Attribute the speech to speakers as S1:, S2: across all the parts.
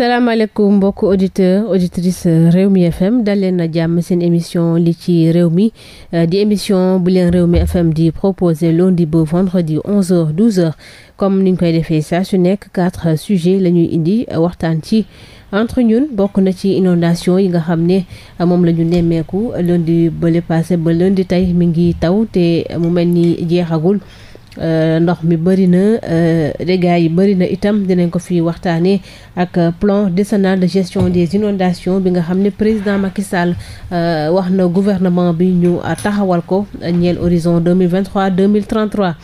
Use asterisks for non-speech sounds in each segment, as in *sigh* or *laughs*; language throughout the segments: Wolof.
S1: salaamaaleykum mbokk auditeur auditrice Rewmi FM dal leen na jàmm seen émission li ci réew mi euh, di émission bu leen réew mi FM di proposé lundi ba vendredi 11h 12h comme ni ñu koy defee saa su nekk quatre sujets la ñuy indi waxtaan ci entre ñun bokk na ci inondation yi nga xam ne moom la ñu nemmeeku lundi bële passé ba lundi tey mi ngi taw te mu mel ni jeexagul. Euh, ndox mi bëri na euh, dégâts yi bëri na itam dinañ ko fi waxtaanee ak euh, plan décennal de gestion des inondations bi nga xam ne président Macky Sall wax na gouvernement bi ñu taxawal ko ñeel horizon deux mille vingt trois deux mille trente trois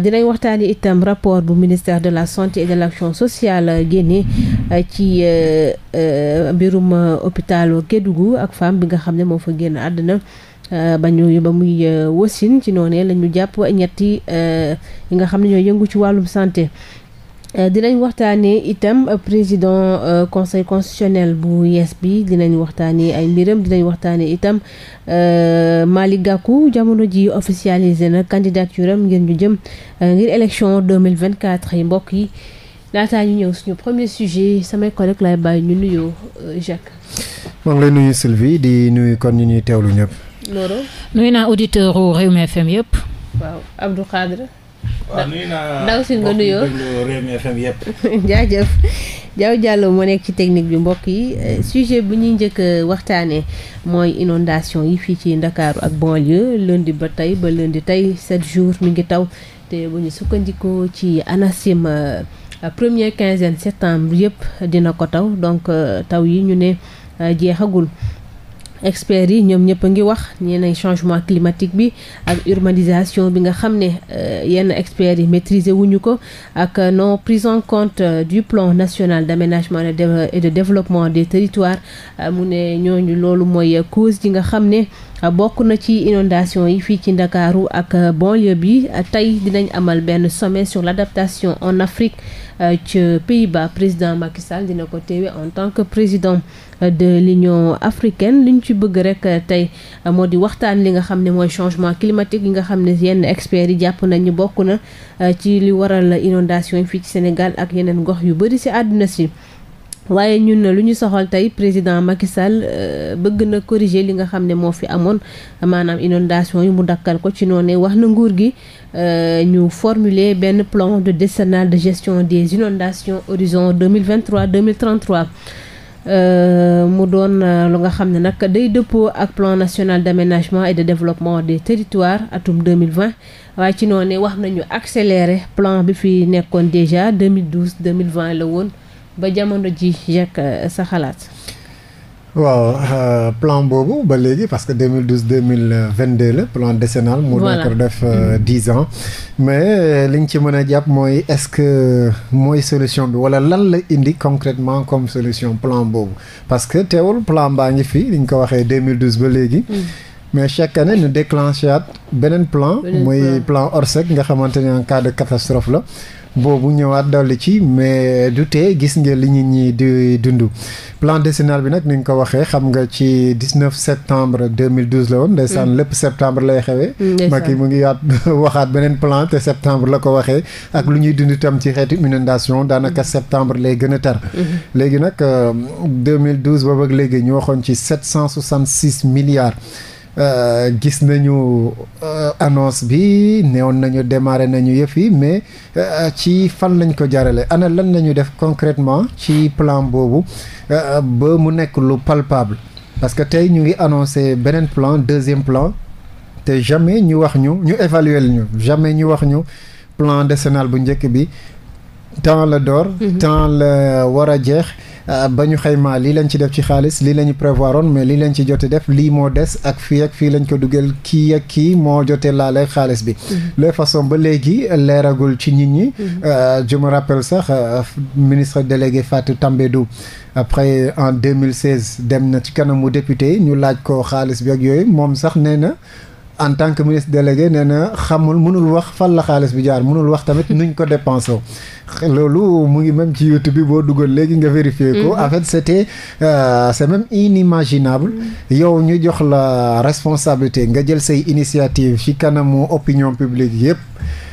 S1: dinañ waxtaani itam rapport bu ministère de la santé et de l'action sociale génne ci mbirum hôpital Kédougou ak femme bi nga xam ne moo fa génn àdduna. Euh, ba ñu ba muy euh, wasin ci noonee la ñu jàpp ñetti euh, yi nga xam ne ñoo yëngu ci wàllum santé dinañ waxtaanee itam président conseil constitutionnel bu yees bi dinañu waxtaanee ay mbiram dinañ waxtaanee itam Malick Gakou jamono ji officialisé na candidature am ngir ñu jëm ngir élection 2024 yi mbokk yi laataa ñu ñëw suñu premier sujet samay collègues lay bàyyi ñu nuyoo Jacques.
S2: maa ngi lay Sylvie di nuyu kon ñu ñuy teew lu ñëpp.
S1: Loro. nuyu naa auditeur u Rewmi FM yëpp. waaw Abdou Khadre.
S3: waaw nuyu naa ndaw si nga nuyoo Rewmi FM yëpp.
S1: *laughs* nekk ci technique bi mbokk yi euh, sujet bu ñuy njëkk a euh, waxtaanee mooy inondation yi fii ci Ndakaaru ak banlieue lundi ba tey ba lundi tey sept jours mi ngi taw te bu ñu sukkandikoo ci ANACIM euh, première quinzaine septembre yëpp dina ko taw donc taw yi ñu ne jeexagul. experts yi ñoom ñëpp a ngi wax ñee nay changement climatique bi ak urbanisation bi nga xam ne euh, yenn experts yi wu ñu ko ak euh, non prise en compte euh, du plan national d'aménagement et de développement des territoires mu ne ñooñu loolu mooy cause yi nga xam ne bokk na ci inondation yi fii ci Ndakaaru ak banlieue bi tey dinañ amal benn sommet sur l'adaptation en Afrique euh, ci Pays-Bas président Macky dina ko teewe en tant que président de l'Union africaine li ñu ci bëgg rek tey moo di waxtaan li nga xam ne mooy changement climatique yi nga xam ne yenn experts yi jàpp nañu bokk na euh, ci li waral inondation yi fii ci Sénégal ak yeneen gox yu bari ci àdduna si waaye ñun lu ñu soxal tey président Macky Sall euh, bëgg na corriger li nga xam ne moo fi amoon maanaam inondation yi mu dakkal ko ci noonu wax na nguur gi euh, ñu formuler benn plan de décennal de gestion des inondations horizon 2023 2033 euh, mu doon lu nga xam ne nag day dëppoo ak plan national d'aménagement et de développement des territoires atum 2020 waaye ci noonu wax nañu accélérer plan bi fi nekkoon déjà 2012 2020 la woon ba jamono ji yàq euh, sa xalaat.
S2: waaw euh, plan boobu ba léegi parce que 2012 2022 la plan décennal. mu nekk def 10 euh, mm-hmm. ans. mais li ñu ci mën a jàpp mooy est-ce que mooy solution bi walla lan la indi concrètement comme solution plan boobu parce que teewul plan baa ngi fi li ñu ko waxee 2012 ba léegi. Mm. mais chaque année ñu déclenché at beneen plan. mooy plan ORSEC nga xamante ne en cas catastrophe la. boobu ñëwaat dolli ci mais du tee gis nga li ñu ñi di dund. plan décennal bi nag ni nga ko waxee xam nga ci 19 septembre 2012 la woon. ndeysaan mm. lépp septembre lay xewe xewee. Mm, Macky mu ngi yaat *laughs* waxaat beneen plan te septembre la ko waxee. ak lu ñuy dund tam ci xeetu inondation daanaka mm. septembre lay gën a tar. Mm-hmm. léegi nag 2012 euh, boobu ak léegi ñu waxoon ci cent 766 milliards. Euh, gis nañu euh, annonce bi neewoon nañu démarré nañu yëf yi mais euh, ci fan lañ ko jarale ana lan nañu def concrètement ci plan boobu ba mu nekk lu palpable parce que tey ñu ngi annoncé beneen plan deuxième plan te jamais ñu wax ñu ñu évaluer ñu jamais ñu wax ñu plan décennal bu njëkk bi temps la door mhm. temps la war a jeex Euh, ba ñu xaymaa lii lañ ci def ci xaalis lii la ñu on mais lii lañ ci jote def lii moo des ak fii ak fii lañ ko dugal kii ak kii moo jote laale xaalis bi mhm. les façon ba léegi leeragul ci nit ñi mhm. euh, je me rappelle sax euh, ministre délégué Fatou Tambédou après en 2016 dem na ci kanamu député ñu laaj ko xaalis bi ak yooyu moom sax nee na en tant que ministre délégué nee na xamul mënul wax fan la xaalis bi jaar mënul wax tamit nuñ ko dépensé loolu mu ngi même ci YouTube bi boo dugal léegi nga vérifier ko mhm. en fait c'était euh, c'est même inimaginable yow ñu jox la responsabilité nga jël say initiative ci kanamu opinion publique yëpp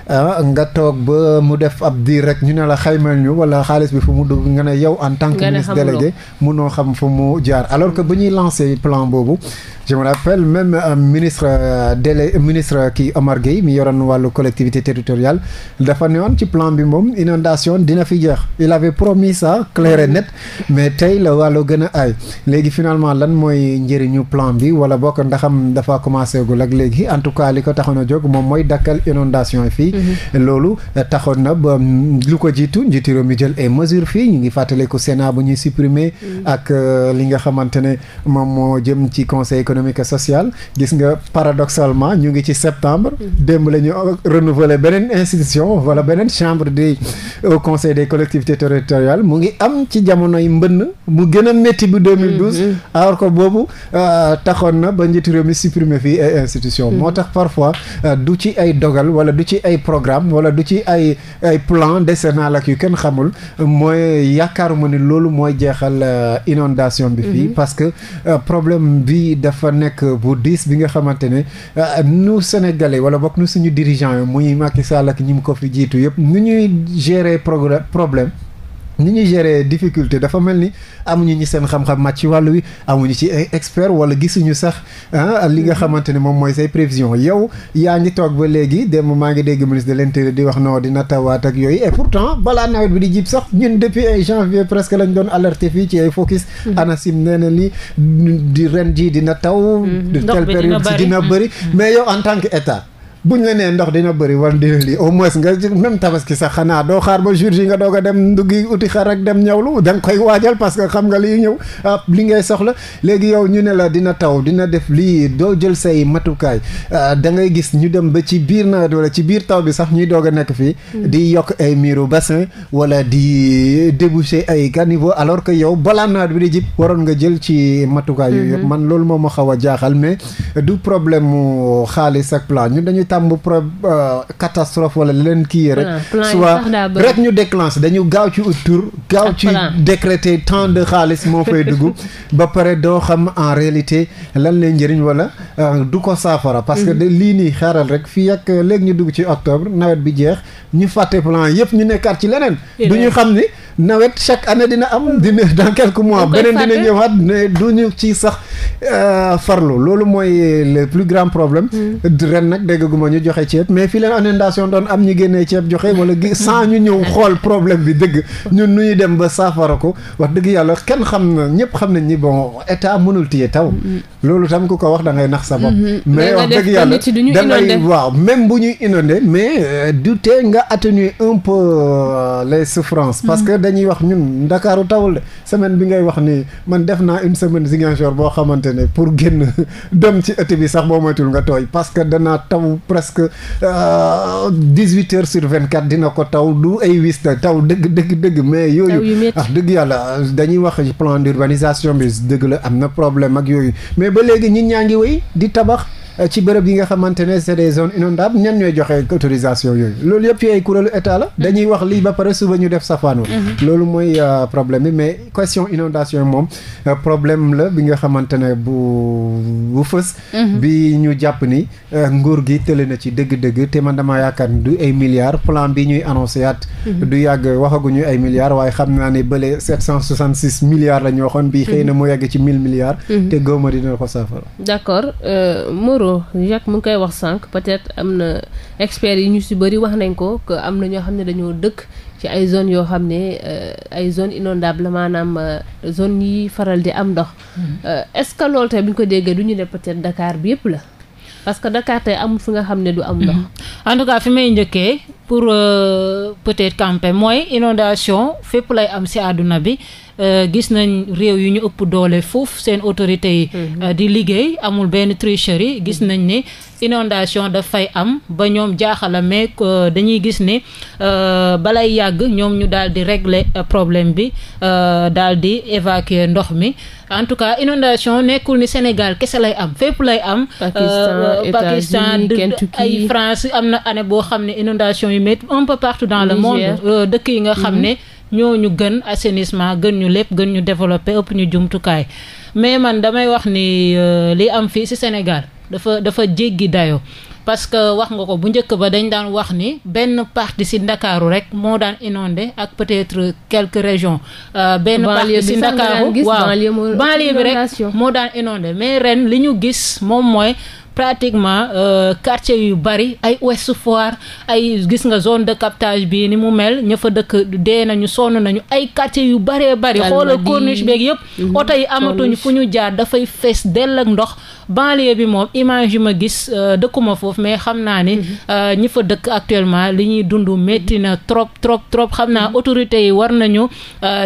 S2: ah nga toog ba mu def ab diir rek ñu ne la xaymal ñu wala xaalis bi fu mu dugg nga ne yow en tant que ministre délégué munoo xam fu mu jaar alors que bu ñuy lancé plan boobu je me rappelle même euh, ministre euh, délé ministre euh, kii Omar Gueye mi yoroon wàllu collectivité territoriale inondation dina fi jeex il avait promis ça clair et net mais tey la wàllu gën a aay léegi finalement lan mooy njëriñu plan bi wala bokk ndaxam dafa commencé gul ak léegi en tout cas li ko taxoon a jóg moom mooy dakkal inondation yi fii mhm. loolu eh, taxoon na ba mm, lu ko jiitu njiitu réew mi jël ay mesures fii ñu ngi fàttaliku Sénat bu ñuy supprimer mhm. ak euh, li nga xamante ne moom moo jëm ci conseil économique et social gis nga paradoxalement ñu ngi ci septembre mhm. démb la ñu renouveler beneen institution au conseil des collectivité territoriales mu ngi am ci jamono yi mbënn mu gën a métti bu 2012. Mm-hmm. alors que boobu euh, taxoon na ba njiitu réew mi supprimer fii ay institution mm-hmm. moo tax parfois euh, du ci ay dogal wala du ci ay programme wala du ci ay ay plan décennal ak yu kenn xamul mooy yaakaaruma ni loolu mooy jeexal euh, inondation bi fii mm-hmm. parce que problème bi dafa nekk bu diis bi nga xamante ne nu Sénégalais wala bokk nu suñu dirigeant yi muy Macky Sall ak ñi mu ko fi jiitu yëpp gérer problème ni ñuy gérer difficulté dafa mel ni amuñu ñu seen xam-xam màcc ci wàll wi amuñu ci expert wala gisuñu sax ah li nga mm-hmm. xamante ne moom mooy say prévision yow yaa ngi toog ba léegi démb maa ngi dégg ministre de l'intérieur di wax non dina tawaat ak yooyu et pourtant balaa nawet bi di jib sax ñun depuis ay janvier presque lañ doon alerté fii ci ay focus mm-hmm. ANACIM nee na li di ren ji dina taw mm-hmm. telle période si dina bëri mais yow en tant que état buñ la nee ndox dina bëri wala dina lii au moins nga même tabaski sax xanaa doo xaar ba jour yi nga doog a dem nduggi uti xar ak dem ñawlu da nga koy waajal parce que xam nga liy ñëw ah, li ngay soxla léegi yow ñu ne la dina taw dina def lii doo jël say matukaay ah, da ngay gis ñu dem ba ci biir nawet wala ci biir taw bi sax ñuy doog a nekk fii. Mm. di yokk ay miiru bassin wala di déboucher ay caniveau alors que yow balaan nawet bi di jib waroon nga jël ci matukaay yooyu yëpp mm-hmm. man loolu moo ma xaw a jaaxal mais du problème mu xaalis tàmb pro euh, catastrophe wala leen kii rek. soit rek ñu déclenche dañu gaaw ci autour gaaw ah, ci décréter tant de xaalis moo fay *laughs* dugg ba pare doo xam en réalité lan lay njëriñ wala euh, du ko saafara. parce que mm. lii nii xaaral rek fii ak léegi ñu dugg ci octobre nawet bi jeex ñu fàtte plan yëpp ñu nekkaat ci leneen. du ñu xam ni nawet chaque année dina am mm. dina dans quelques mois. beneen dina ñëwaat ne du ñu ci sax euh, farlu loolu mooy le plus grand problème. Mm. ren nag moo ñu joxe ceeb mais fii leen inondation doon am ñu génnee ceeb joxe wala gi sans ñu ñëw xool problème bi dëgg ñun nu ñuy dem ba saafara ko wax dëgg yàlla kenn xam na ñëpp xam nañ ni bon état mënul téye taw loolu tam ku ko wax da ngay nax sa bopp mhm. mais wax dëgg yàlla dangay waaw même bu ñuy inondé mais euh, du tee nga atténuer un peu euh, les souffrances parce mhm. que dañuy wax ñun ndakaaru tawul de semaine bi ngay wax ni man def naa une semaine Ziguinchor boo xamante ne pour génn *laughs* dem ci ëtt sax boo moytul nga tooy parce que presque euh, dix-huit heures sur vingt-quatre dina ko taw du ay wis na taw dëgg dëgg dëgg mais yooyu ah dëgg yàlla dañuy wax plan d'urbanisation bi dëgg la am na problème ak yooyu mais ba léegi ñi ñaa ngi wéy di tabax ci bërëb yi nga xamante ne c'est des zones inondables ñan ñooy joxe autorisation yooyu loolu yëpp yooyu kuréelu état la dañuy wax lii ba pare suba ñu def safaan mhm. loolu mooy euh, problème bi mais question inondation moom euh, problème la bi nga xamante ne bu bu fës mhm. bi ñu jàpp ni euh, nguur gi tële na ci dëgg-dëgg te man damaa yaakaar ni du ay milliards plan bi ñuy annoncé mhm. du yàgg waxaguñu ay milliards waaye xam naa ne bële sept cent soixante six milliards la ñu waxoon bi xëy na mu yegg ci mille milliards te góoma dina ko saafara
S1: loolu Jacques mu ngi koy wax sànq peut-être am na experts yi ñu si bëri wax nañ ko que am na ñoo xam ne dañoo dëkk ci ay zones yoo xam ne euh, ay zones inondables maanaam euh, zone yi faral di am ndox. Mm-hmm. Euh, est-ce que loolu tey ko déggee du ñu ne peut-être Dakar bi yëpp la. parce que Dakar amul fi nga xam ne du am ndox. Mm-hmm. en tout cas fi may njëkkee pour
S4: peut-être camper mooy inondation fépp lay am ci àdduna bi. Euh, gis nañ réew yu ñu ëpp doole foofu seen autorité yi mhm. euh, di liggéey amul benn yi gis mhm. nañ ne inondation dafay am ba ñoom jaaxala mais euh, dañuy gis ne balay yàgg ñoom ñu daal di régler problème bi daal di évacuer ndox mi en tout cas inondation nekkul ni Sénégal kese lay am fépp lay am Pakistan ay France am na année boo xam ne inondation yu métti un peu le monde dëkk yi nga xam ne mhm. ñoo ñu gën assainissement gën ñu lépp gën ñu développé ëpp ñu jumtukaay mais man damay wax ni euh, li am fii ci Sénégal dafa dafa jéggi dayo parce que wax nga ko bu njëkk ba dañ daan wax ni benn partie ci ndakaaru rek moo daan inondé ak peut-être quelques régions euh, benn partie ci ndakaaru waaw banlieue rek moo daan inondé mais ren li ñu gis moom mooy pratiquement euh, quartier yu bari ay Ouest Foire ay gis nga zone de captage bi ni mu mel ña fa dëkk dee nañu sonn nañu ay quartier yu baree bari xoolal corniche beeg yëpp mhm. oto yi amatuñu fu ñu jaar dafay fees dell ak ndox banlieue bi moom image yi ma gis euh, dëkkuma foofu mais xam naa ni mhm. euh, ñi fa dëkk actuellement li ñuy dund métti na trop trop trop xam naa mhm. autorités yi war nañu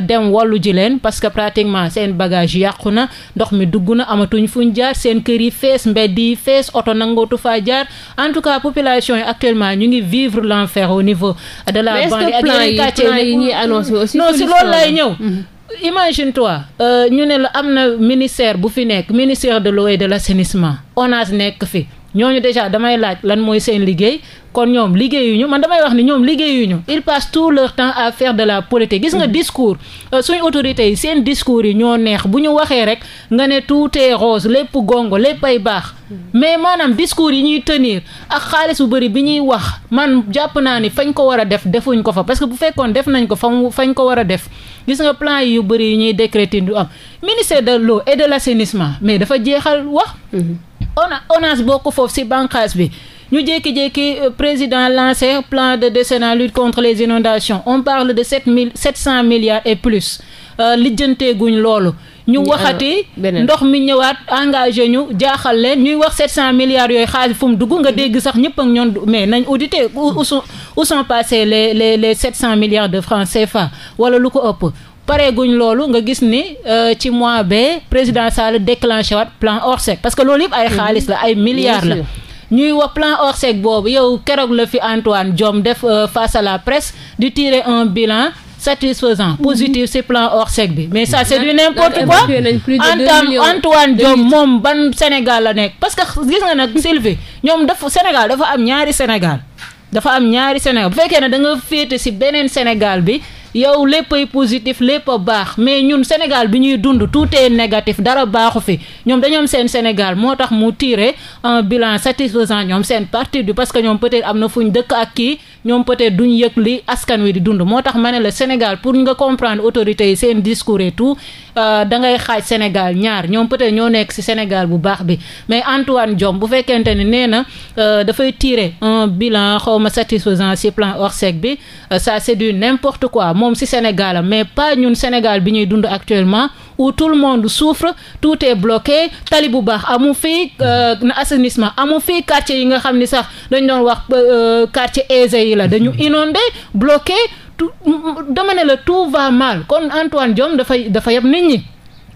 S4: dem wallu ji leen parce que pratiquement seen bagage yàqu ndox mi dugg na amatuñ fu ñu jaar seen fees oto nangootu faa jaar en tout cas population yi actuellement ñu ngi vivre l'enfer au niveau de la banlieue ak yeneen quartier yi ñuy annoncé aussi non si loolu lay ñëw mhm. imagine toi euh, ñu ne la am na ministère bu fi nekk ministère de l'eau de la l'assainissement ONAS nekk fi ñoo ñu déjà damay laaj lan mooy seen liggéey kon ñoom liggéeyuñu man damay wax ni ñoom liggéeyuñu il passent tout leur temps à de la politique gis nga mhm. discours euh, suñu autorité yi seen discours yi ñoo neex bu ñu waxee rek nga ne tout est rose lépp gongo lépp ay baax mhm. mais maanaam discours yi ñuy tenir ak xaalis bu bëri bi ñuy wax man jàpp naa ni fañ ko war a def defuñ ko fa parce que bu fekkoon def nañ ko fa mu fañ ko war a def gis nga plan yi yu bëri yi ñuy décréter du am ministère de l'eau et de l'assainissement dafa jeexal wax mhm. ona ONAS bokk foofu si bànqaas bi ñu jékki-jékki euh, président lancé plan de décennal lutte contre les inondations on parle de sept mille sept cent milliards et plus euh, lijjanteeguñ loolu ñu waxati ndox mi ñëwaat engage ñu jaaxal leen ñuy wax 700 milliards yooyu xaalis fu mu dugg nga dégg sax ñëpp ak ñoon mais nañ audité u sont où sont passés les les les 700 milliards de francs CFA wala lu ko ëpp pareeguñ loolu nga gis ni euh, ci mois ba président Sall déclenché waat plan Orsec parce que loolu yëpp ay mm-hmm. xaalis la ay milliards la ñuy wax plan Orsec boobu yow keroog la fi Antoine Diome def euh, face la presse di tirer un bilan satisfaisant mm-hmm. positif ci plan Orsec bi mais ça c'est du mm-hmm. n'importe Antoine Antoine moom ban Sénégal la nekk parce que gis nga nag *laughs* Sylvie ñoom dafa Sénégal dafa am ñaari Sénégal dafa am ñaari Sénégal bu fekkee ne da nga féete ci beneen Sénégal bi yow lépp ay positif lépp a baax mais ñun Sénégal bi ñuy dund tout est négatif dara baaxu fi ñoom dañoom seen Sénégal moo tax mu tiré un bilan satisfaisant ñoom seen parti du parce que ñoom peut am na fu ñu dëkk ak kii ñoom peut duñ yëg li askan wi di dund moo tax ma ne la Sénégal pour nga comprendre autorités yi seen discours et tout euh, da ngay xaaj Sénégal ñaar ñoom peut ñoo nekk ci Sénégal bu baax bi mais Antoine Diome bu fekkente ne nee na euh, dafay tiire un bilan xawma satisfaisant ci plan Orsec bi euh, ça c'est du n'importe quoi moom ci Sénégal mais pas ñun Sénégal bi ñuy dund actuellement où tout le monde souffre tout est bloqué tali bu baax amu euh, na assainissement amu fii quartier yi nga xam ni sax dañu doon wax euh, quartier aisé yi la dañu mhm. inondé bloqué tout dama ne la tout va mal kon Antoine Diome dafay dafa yab nit ñi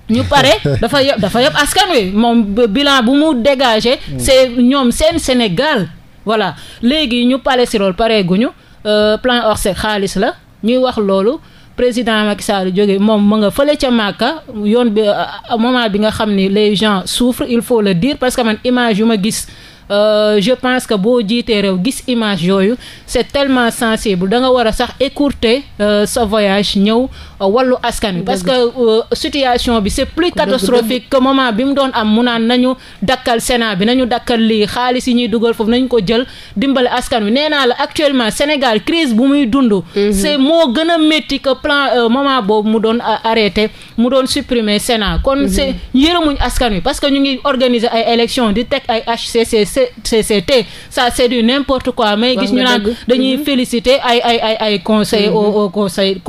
S4: ñu pare *laughs* dafa yab dafa yab askan wi moom bilan bu mu dégagé mm. c'est ñoom seen Sénégal voilà léegi ñu pale si loolu pareeguñu euh, plan Orsec xaalis la ñuy wax loolu président Macky Sall jóge moom mu nga fële ca Màkka yoon bi euh, moment bi nga xam ni les gens souffrent il faut le diir parce que man image yu ma gis Euh, je pense que boo jiitee réew gis image yooyu c'est tellement sensible da nga war a sax écourter euh, sa voyage ñëw Euh, wallu askan wi parce que euh, situation bi c'est plus catastrophique que moment bi mu doon am mu naan nañu dakkal Sénat bi nañu dakkal lii xaalis yi ñuy dugal foofu nañu ko jël dimbale askan wi nee naa la actuellement Sénégal crise bu muy dund mhm. c'est moo gën a métti plan euh, moment boobu mu doon arrêté mu doon supprimer Sénat kon mhm. c'est yërëmuñ askan wi parce que ñu ngi organiser ay élections di teg ay HCCCT ça c'est du n'importe quoi mais gis ñu naan dañuy mhm. féliciter ay ay ay ay conseil au conseil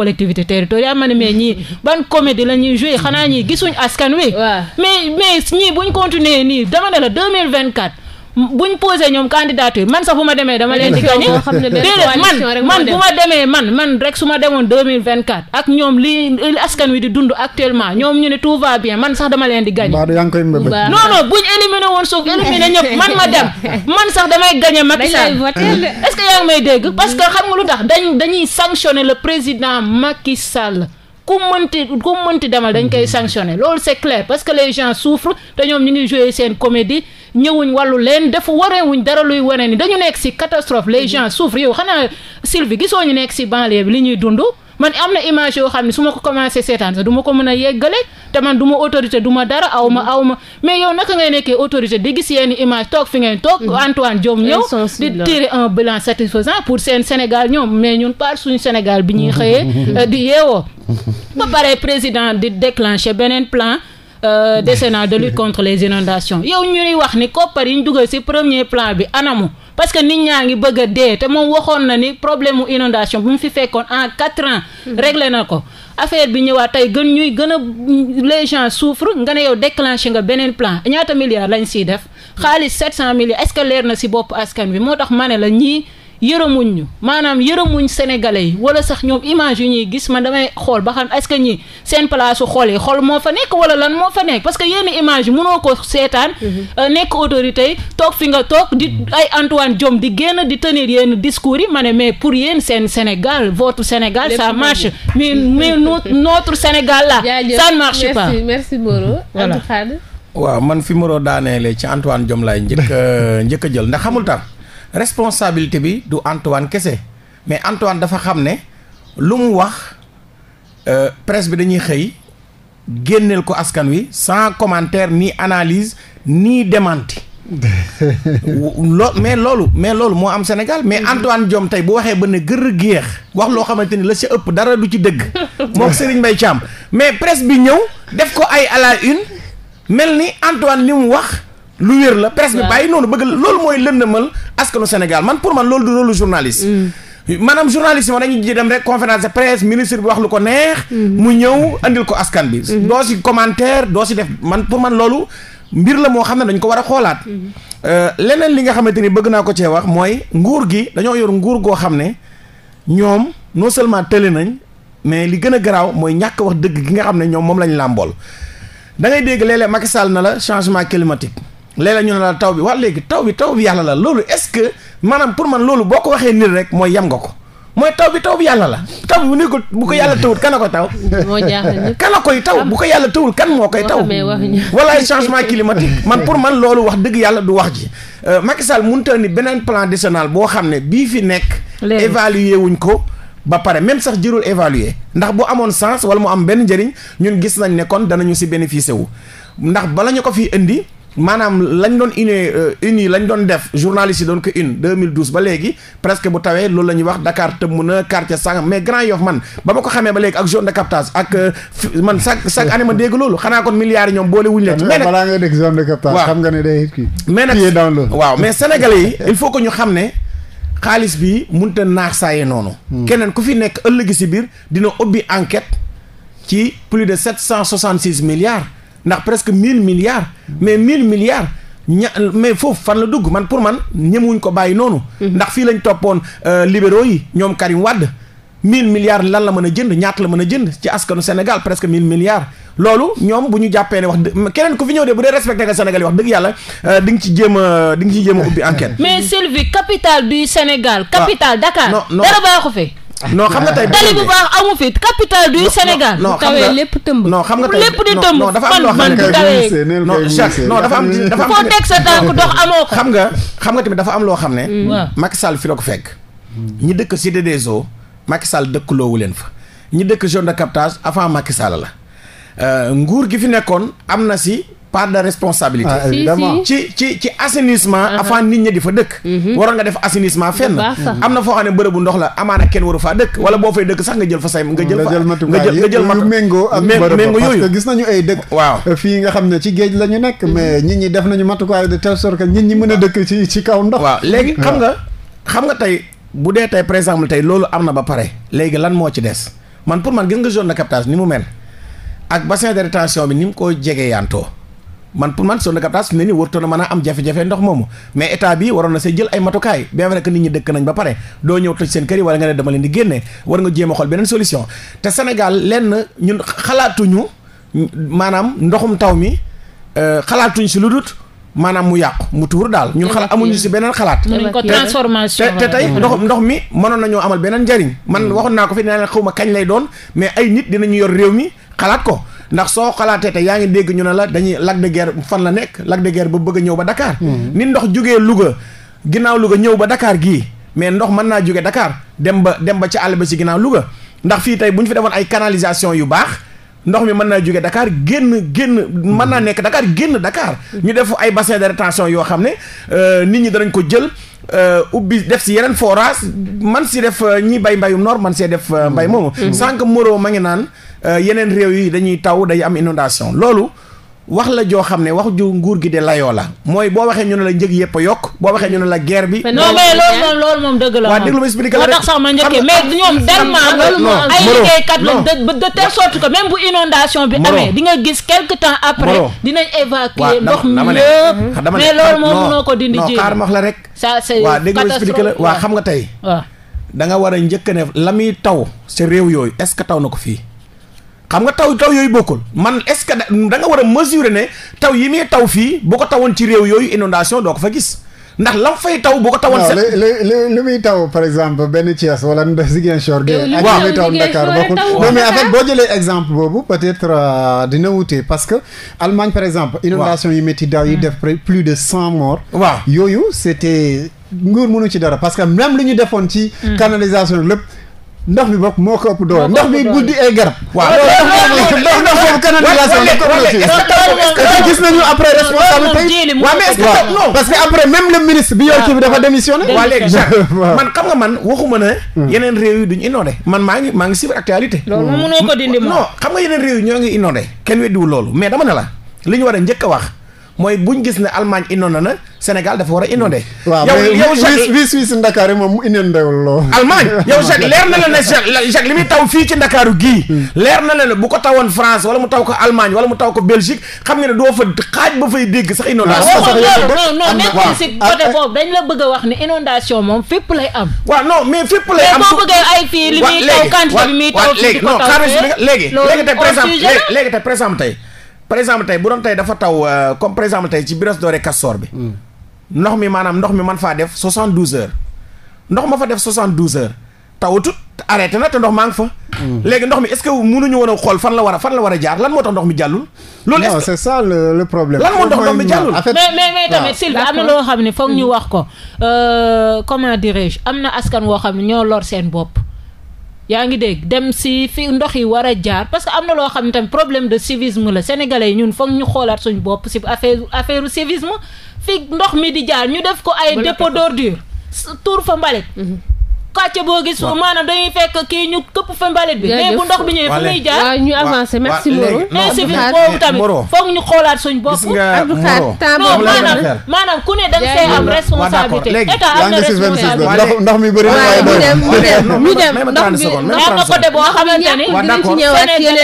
S4: dama ne mais ñii ban comédie la ñuy joué xanaa ñii gisuñ askan wi. mais mais ñii buñ continuer nii dama ne la deux mille vingt quatre buñ posé ñoom candidature man sax bu ma demee dama leen di gañe déedéet man man bu ma demee man man rek su ma demoon 2024 ak ñoom li askan wi di dund actuellement ñoom ñu ne tout va bien man sax dama leen di gañe non non buñ éliminé woon soog éliminé ñëpp man ma dem man sax damay gañe Macky Sall est-ce que dégg parce que xam nga lu tax dañ dañuy sanctionner le président Macky Sall ku mënti ku mënti demal dañ koy mhm. sanctionner loolu c'est clair parce que les gens souffrent te ñoom ñu ngi jouer seen comédie ñëwuñ wàllu leen dafa warewuñ dara luy wane ni dañu nekk ci catastrophe les mhm. gens souffrent yow xanaa Sylvie gisoo ñu nekk ci banle bi li ñuy dund man am na image yoo xam ne su ma ko commencé seetaan sax du ma ko mën a yeggale te man du ma autorité du ma dara aw ma aw ma mais yow naka ngay nekkee autorité di gis yenn image toog fi ngeen toog. Mm-hmm. Antoine Diome ñëw di tirer un bilan satisfaisant pour seen Sénégal ñoom mais ñun par suñu Sénégal bi ñuy xëyee mm-hmm. euh, di yeewoo. ba pare président di déclencher beneen plan. Euh, décennal de lutte contre les inondations yow ñuy wax ni koppar yi ñu dugal ci premier plan bi anamu. parce que nit ñaa ngi bëgg a dee te moom waxoon na ni problème mu inondation bu mu fi fekkoon en quatre ans. Mhm. réglé na ko affaire bi ñëwaat tey gën ñuy gën a les gens souffrent nga ne yow déclenché nga beneen plan ñaata milliards lañ siy def. Mhm. xaalis 700 milliards est-ce que leer na si bopp askan bi moo tax ma ne la ñii. yërëmuñ ñu maanaam yërëmuñ sénégalais yi wala sax ñoom image yu ñuy gis ma damay xool ba xam est-ce que ñi seen place su xool yi xool moo fa nekk wala lan moo fa nekk parce que yenn image mënoo ko seetaan. Mhm. Euh, nekk autorité toog fi nga toog di mhm. ay Antoine Diome di génn di tenir yenn discours yi ma ne mais pour yéen seen Sénégal votre Sénégal ça marche mais mais notre Sénégal là ça ne
S1: marche pas merci Moro voilà
S3: waaw man fi Moro daaneele ci Antoine Diome laay njëkk euh, njëkk jël ndax xamul tax responsabilité bi du Antoine kese mais Antoine dafa xam ne lu mu wax euh, presse bi dañuy xëy génneel ko askan wi sans commentaire ni analyse ni démenti *laughs* loo mais loolu mais loolu moo am Sénégal mais mm-hmm. Antoine jom tey bu waxee ba ne gër géex wax loo xamante ni la si ëpp dara du ci dëgg *laughs* moom Serigne bay Thiam mais presse bi ñëw def ko ay à la une mel ni Antoine li mu wax lu wér la presse bi yi noonu bëgg loolu mooy lëndëmal askanu Sénégal man pour man loolu du loolu journaliste mm. maanaam journaliste moom dañuy ji dem rek conférence de presse ministre bi wax lu ko neex mm. mu ñëw andil ko askan bi mm-hmm. doo si commentaire doo si def man pour man loolu mbir la moo xam ne dañ ko war a xoolaat mm-hmm. euh, leneen li nga xamante ni bëgg naa ko cee wax mooy nguur gi dañoo yor nguur goo xam ne ñoom non seulement tële nañ mais li gën a garaaw mooy ñàkk wax dëgg gi nga xam ne ñoom moom lañ làmbool da dégg léeg-léeg Macky na la changement climatique léeg-léeg ñu ne la taw bi wax léegi taw bi taw bi yàlla la loolu est-ce que maanaam pour man loolu boo ko waxee nit rek mooy yam nga ko mooy taw bi taw bi yàlla la taw bi bu nekkul bu ko yàlla tawul kan la taw. moo jaaxal kan koy taw bu ko yàlla tawul kan moo koy taw. wala ay changement climatique. man pour man loolu wax dëgg yàlla du wax ji. Euh, Macky Sall mënut a ni beneen plan décennal boo xam ne bii fi nekk. évaluer wuñ ko. ba pare même sax jërul évaluer ndax bu amoon sens wala mu am benn njëriñ ñun gis nañ ne kon danañu si bénéficier wu ndax bala indi maanaam lañ doon une euh, une yi lañ doon def journaliste yi doon ko une 2012 ba léegi presque bu tawee loolu la ñuy wax dakaar tëmm na quartier sàngam mais Grand Yoff man ba ma ko xamee ba léegi ak zone de captage ak euh, man chaque chaque ma dégg loolu xanaa kon milliards ñoom boole wuñu leen mais nag balaa nga dégg zone de captage xam nga ne day mais nag waaw *laughs* mais sénégalais yi il faut que ñu xam ne xaalis bi mun munta naax saaye noonu hmm. keneen ku fi nekk ëllëg si biir dina ubbi enquête ci plus de 766 milliards ndax presque mill milliards mais mill milliards ña mais foofu fan la dugg man pour man ñemuñ ko bàyyi noonu mhm. ndax fii lañ toppoon euh, libéraux yi ñoom Karim Wade mille milliards lan la mën a jënd ñaata la mën a jënd ci askanu Sénégal presque mille milliards loolu ñoom bu ñu jàppee ne wax keneen ku fi ñëw de bu dee respecté nga Sénégal yi wax dëgg yàlla euh, dinga nga ci jéem dinga di nga ci jéem a ubbi enquête
S4: mais Sylvie capitale du Sénégal capitale ah, Dakar dara baaxu non xam nga tey tali bu baax
S1: amu fi capitale du Sénégal. non xam nga lépp tëmb. noo xam nga tey lépp di dafa am loo xam ne non dafa am dafa am foo teg sa tànk dox amoo
S3: ko. xam nga xam nga tamit dafa am loo xam ne. Mm, waaw Macky ko fekk. ñi dëkk Cité des Eaux Macky Sall dëkkuloowu leen fa. ñi dëkk zone de captage avant Macky Sall la. Euh, nguur gi fi nekkoon am na si. part de responsabilité. ah évidemment ci ci ci assainissement. Uh-huh. avant nit ñi di fa dëkk. Mm-hmm. waroon nga def assainissement fenn. am na foo xam ne bërëbu ndox la amaana kenn waru faa dëkk. wala boo fay dëkk sax nga jël fa say nga jël fa nga jël nga jël matu méngoo ak méngoo yooyu parce que
S2: gis nañu ay dëkk. waaw fii nga xam ne ci géej la ñu nekk. Mm-hmm. mais nit ñi def nañu matukaay de telle sorte que nit ñi mën a dëkk ci ci kaw ndox. waaw léegi ah. xam nga xam nga tey bu dee tey par exemple tey loolu am
S3: na ba pare léegi lan moo ci des man pour man gis nga zone de captage ni mu mel ak bassin de rétention bi ni mu ko jege yaantoo man pour man zone de captage fi mu am jafe-jafe ndox moomu mais état bi waroon na ay matukaay bien vrai que nit ñi dëkk nañ ba seen kër yi wala nga ne dama leen di génne war nga jéem a xool beneen solution maanaam ndoxum taw mi euh, xalaatuñ si lu dut maanaam mu yàqu mu tuur daal ñun xalaat amuñu si beneen xalaat transformation te tey ndox ndox mi mënoon nañoo amal beneen njariñ man mm. waxoon naa ko fi nee na xaw kañ lay doon mais ay nit dinañu yor réew mi xalaat ko ndax soo xalaatee te yaa ngi dégg ñu ne la dañuy Lac de Guiers fan la nekk Lac de Guiers ba bëgg ñëw ba Dakar. Hmm. ni ndox jógee Louga ginnaaw Louga ñëw ba Dakar gii mais ndox mën naa jóge dakaar dem ba dem ba ca àll si ginnaaw Louga ndax fii tey bu ñu fi defoon ay canalisation yu baax. ndox mi mën naa jóge Dakar génn génn mën naa nekk Dakar génn Dakar ñu def ay bassin de rétention yoo xam ne euh, nit ñi danañ ko jël euh, ubbi def si yeneen forage man si def euh, ñi bay mbayum nor man see def mbay moomu hmm. sànq moro ma ngi naan Euh, yeneen réew yi dañuy taw day am inondation loolu wax la joo xam ne wax ju nguur gi de layoo la mooy boo waxee ñu ne la njëg yëpp yokk boo waxee ñu ne la geer bi. non mais loolu moom loolu
S4: moom dëgg la. waaw déglu la bu inondation bi amee di nga gis quelque temps après dinañ évacuer ndox mi yëpp ah, mais loolu moom mënoo la rek ça c'est waaw déglu ma expliqué la xam nga
S3: tey da nga war a njëkk ne la muy taw sa réew yooyu est-ce que taw na ko fii xam nga taw taw yooyu bokkul man est-ce que da nga war a mesurer ne taw yi muy taw fii boo ko tawoon ci réew yooyu inondation doo ko fa gis
S2: ndax lam fay taw bu ko tawoon. waaw muy taw par exemple benn Thiès wala *laughs* Ziguinchor. waaw ak li muy taw Dakar bokkul non mais en fait boo jëlee exemple boobu peut-être euh, dina wute parce que Allemagne par exemple. inondation yu métti daaw yi def plus de cent morts. waaw yooyu c'était nguur mënu ci dara parce que même lu ñu defoon ci. Hmm. canalisation lépp. ndox bi bokk moo ko ëpp doole ndox bi guddi ay garab. waaw ndox ndox boobu canalisation bi ko est-ce que gis nañu après responsabilité waaw mais que non parce que après
S3: même le ministre bi yor kii bi dafa démissionné. *laughs* waaw léegi man xam nga man waxuma ne. Hmm. yeneen réew yi duñu inondé man maa ngi maa ngi suivre actualité. loolu mënoo ko dindi hmm. non xam nga yeneen réew yi ñoo ngi inondé kenn weddiwul loolu mais dama ne la li ñu war a njëkk a wax. mooy bu ñu gis ne Allemagne inondé na Sénégal dafa war a inondé. waaw mais wii
S2: wii si moom mu inondé wul loo. Allemagne yow Jacques leer na la ne
S3: Jacques li muy taw fii ci Ndakaaru gii. Hmm. leer na la ne bu ko tawoon France wala mu taw ko Allemagne wala mu taw ko Belgique xam nga ne doo fa xaaj ba fay dégg sax inondation. sax ah, non non ah, ah.
S4: boobu dañ la bëgg a wax ne inondation moom fépp lay am. waaw non mais fépp lay am. mais boo bëggee ay fii li muy taw quantité bi muy taw fii di ko taw léegi non xaaral léegi léegi te par exemple léegi te par exemple
S3: par exemple tey bu doon tey dafa taw euh, comme par exemple tey ci Biras Doré Castor bi. Hmm. ndox mi maanaam ndox mi man faa def soixante douze heures ndox ma fa def soixante douze heures taw arrêté na te ndox maa ngi fa. Hmm. léegi ndox mi est-ce que mënuñu woon a xool fan la war a fan la war a jaar lan moo tax ndox mi
S2: jàllul. loolu est-ce que non c'est ça le le problème.
S1: lan moo tax ndox mi jàllul mais mais tamit Sylvie am na loo xam
S4: ne foog ñu wax ko euh, comment dirais am na askan woo xam ne ñoo lor seen bopp. yaa ngi dégg dem si fi ndox yi war a jaar parce que am na loo xam ne tamit problème de civisme la sénégalais yi ñun foog ñu xoolaat suñu bopp si affaire affaire civisme fi ndox mi di jaar ñu def ko ay dépôt d'ordure tuur fa mbalit mhm. kàcce boo gis. waaw maanaam dañuy fekk kii ñu këpp fa mbalit bi. mais bu ndox bi ñëwee fu muy jaar waaw ñu avancé merci Moro. insuffisance boobu tamit foog ñu xoolaat suñ bopp. gis nga Moro non maanaam maanaam ku ne da nga see am responsabilité. état am na responsabilité ndox mi bëri na waaye doyul ñu dem ndox am na côté boo xamante ni.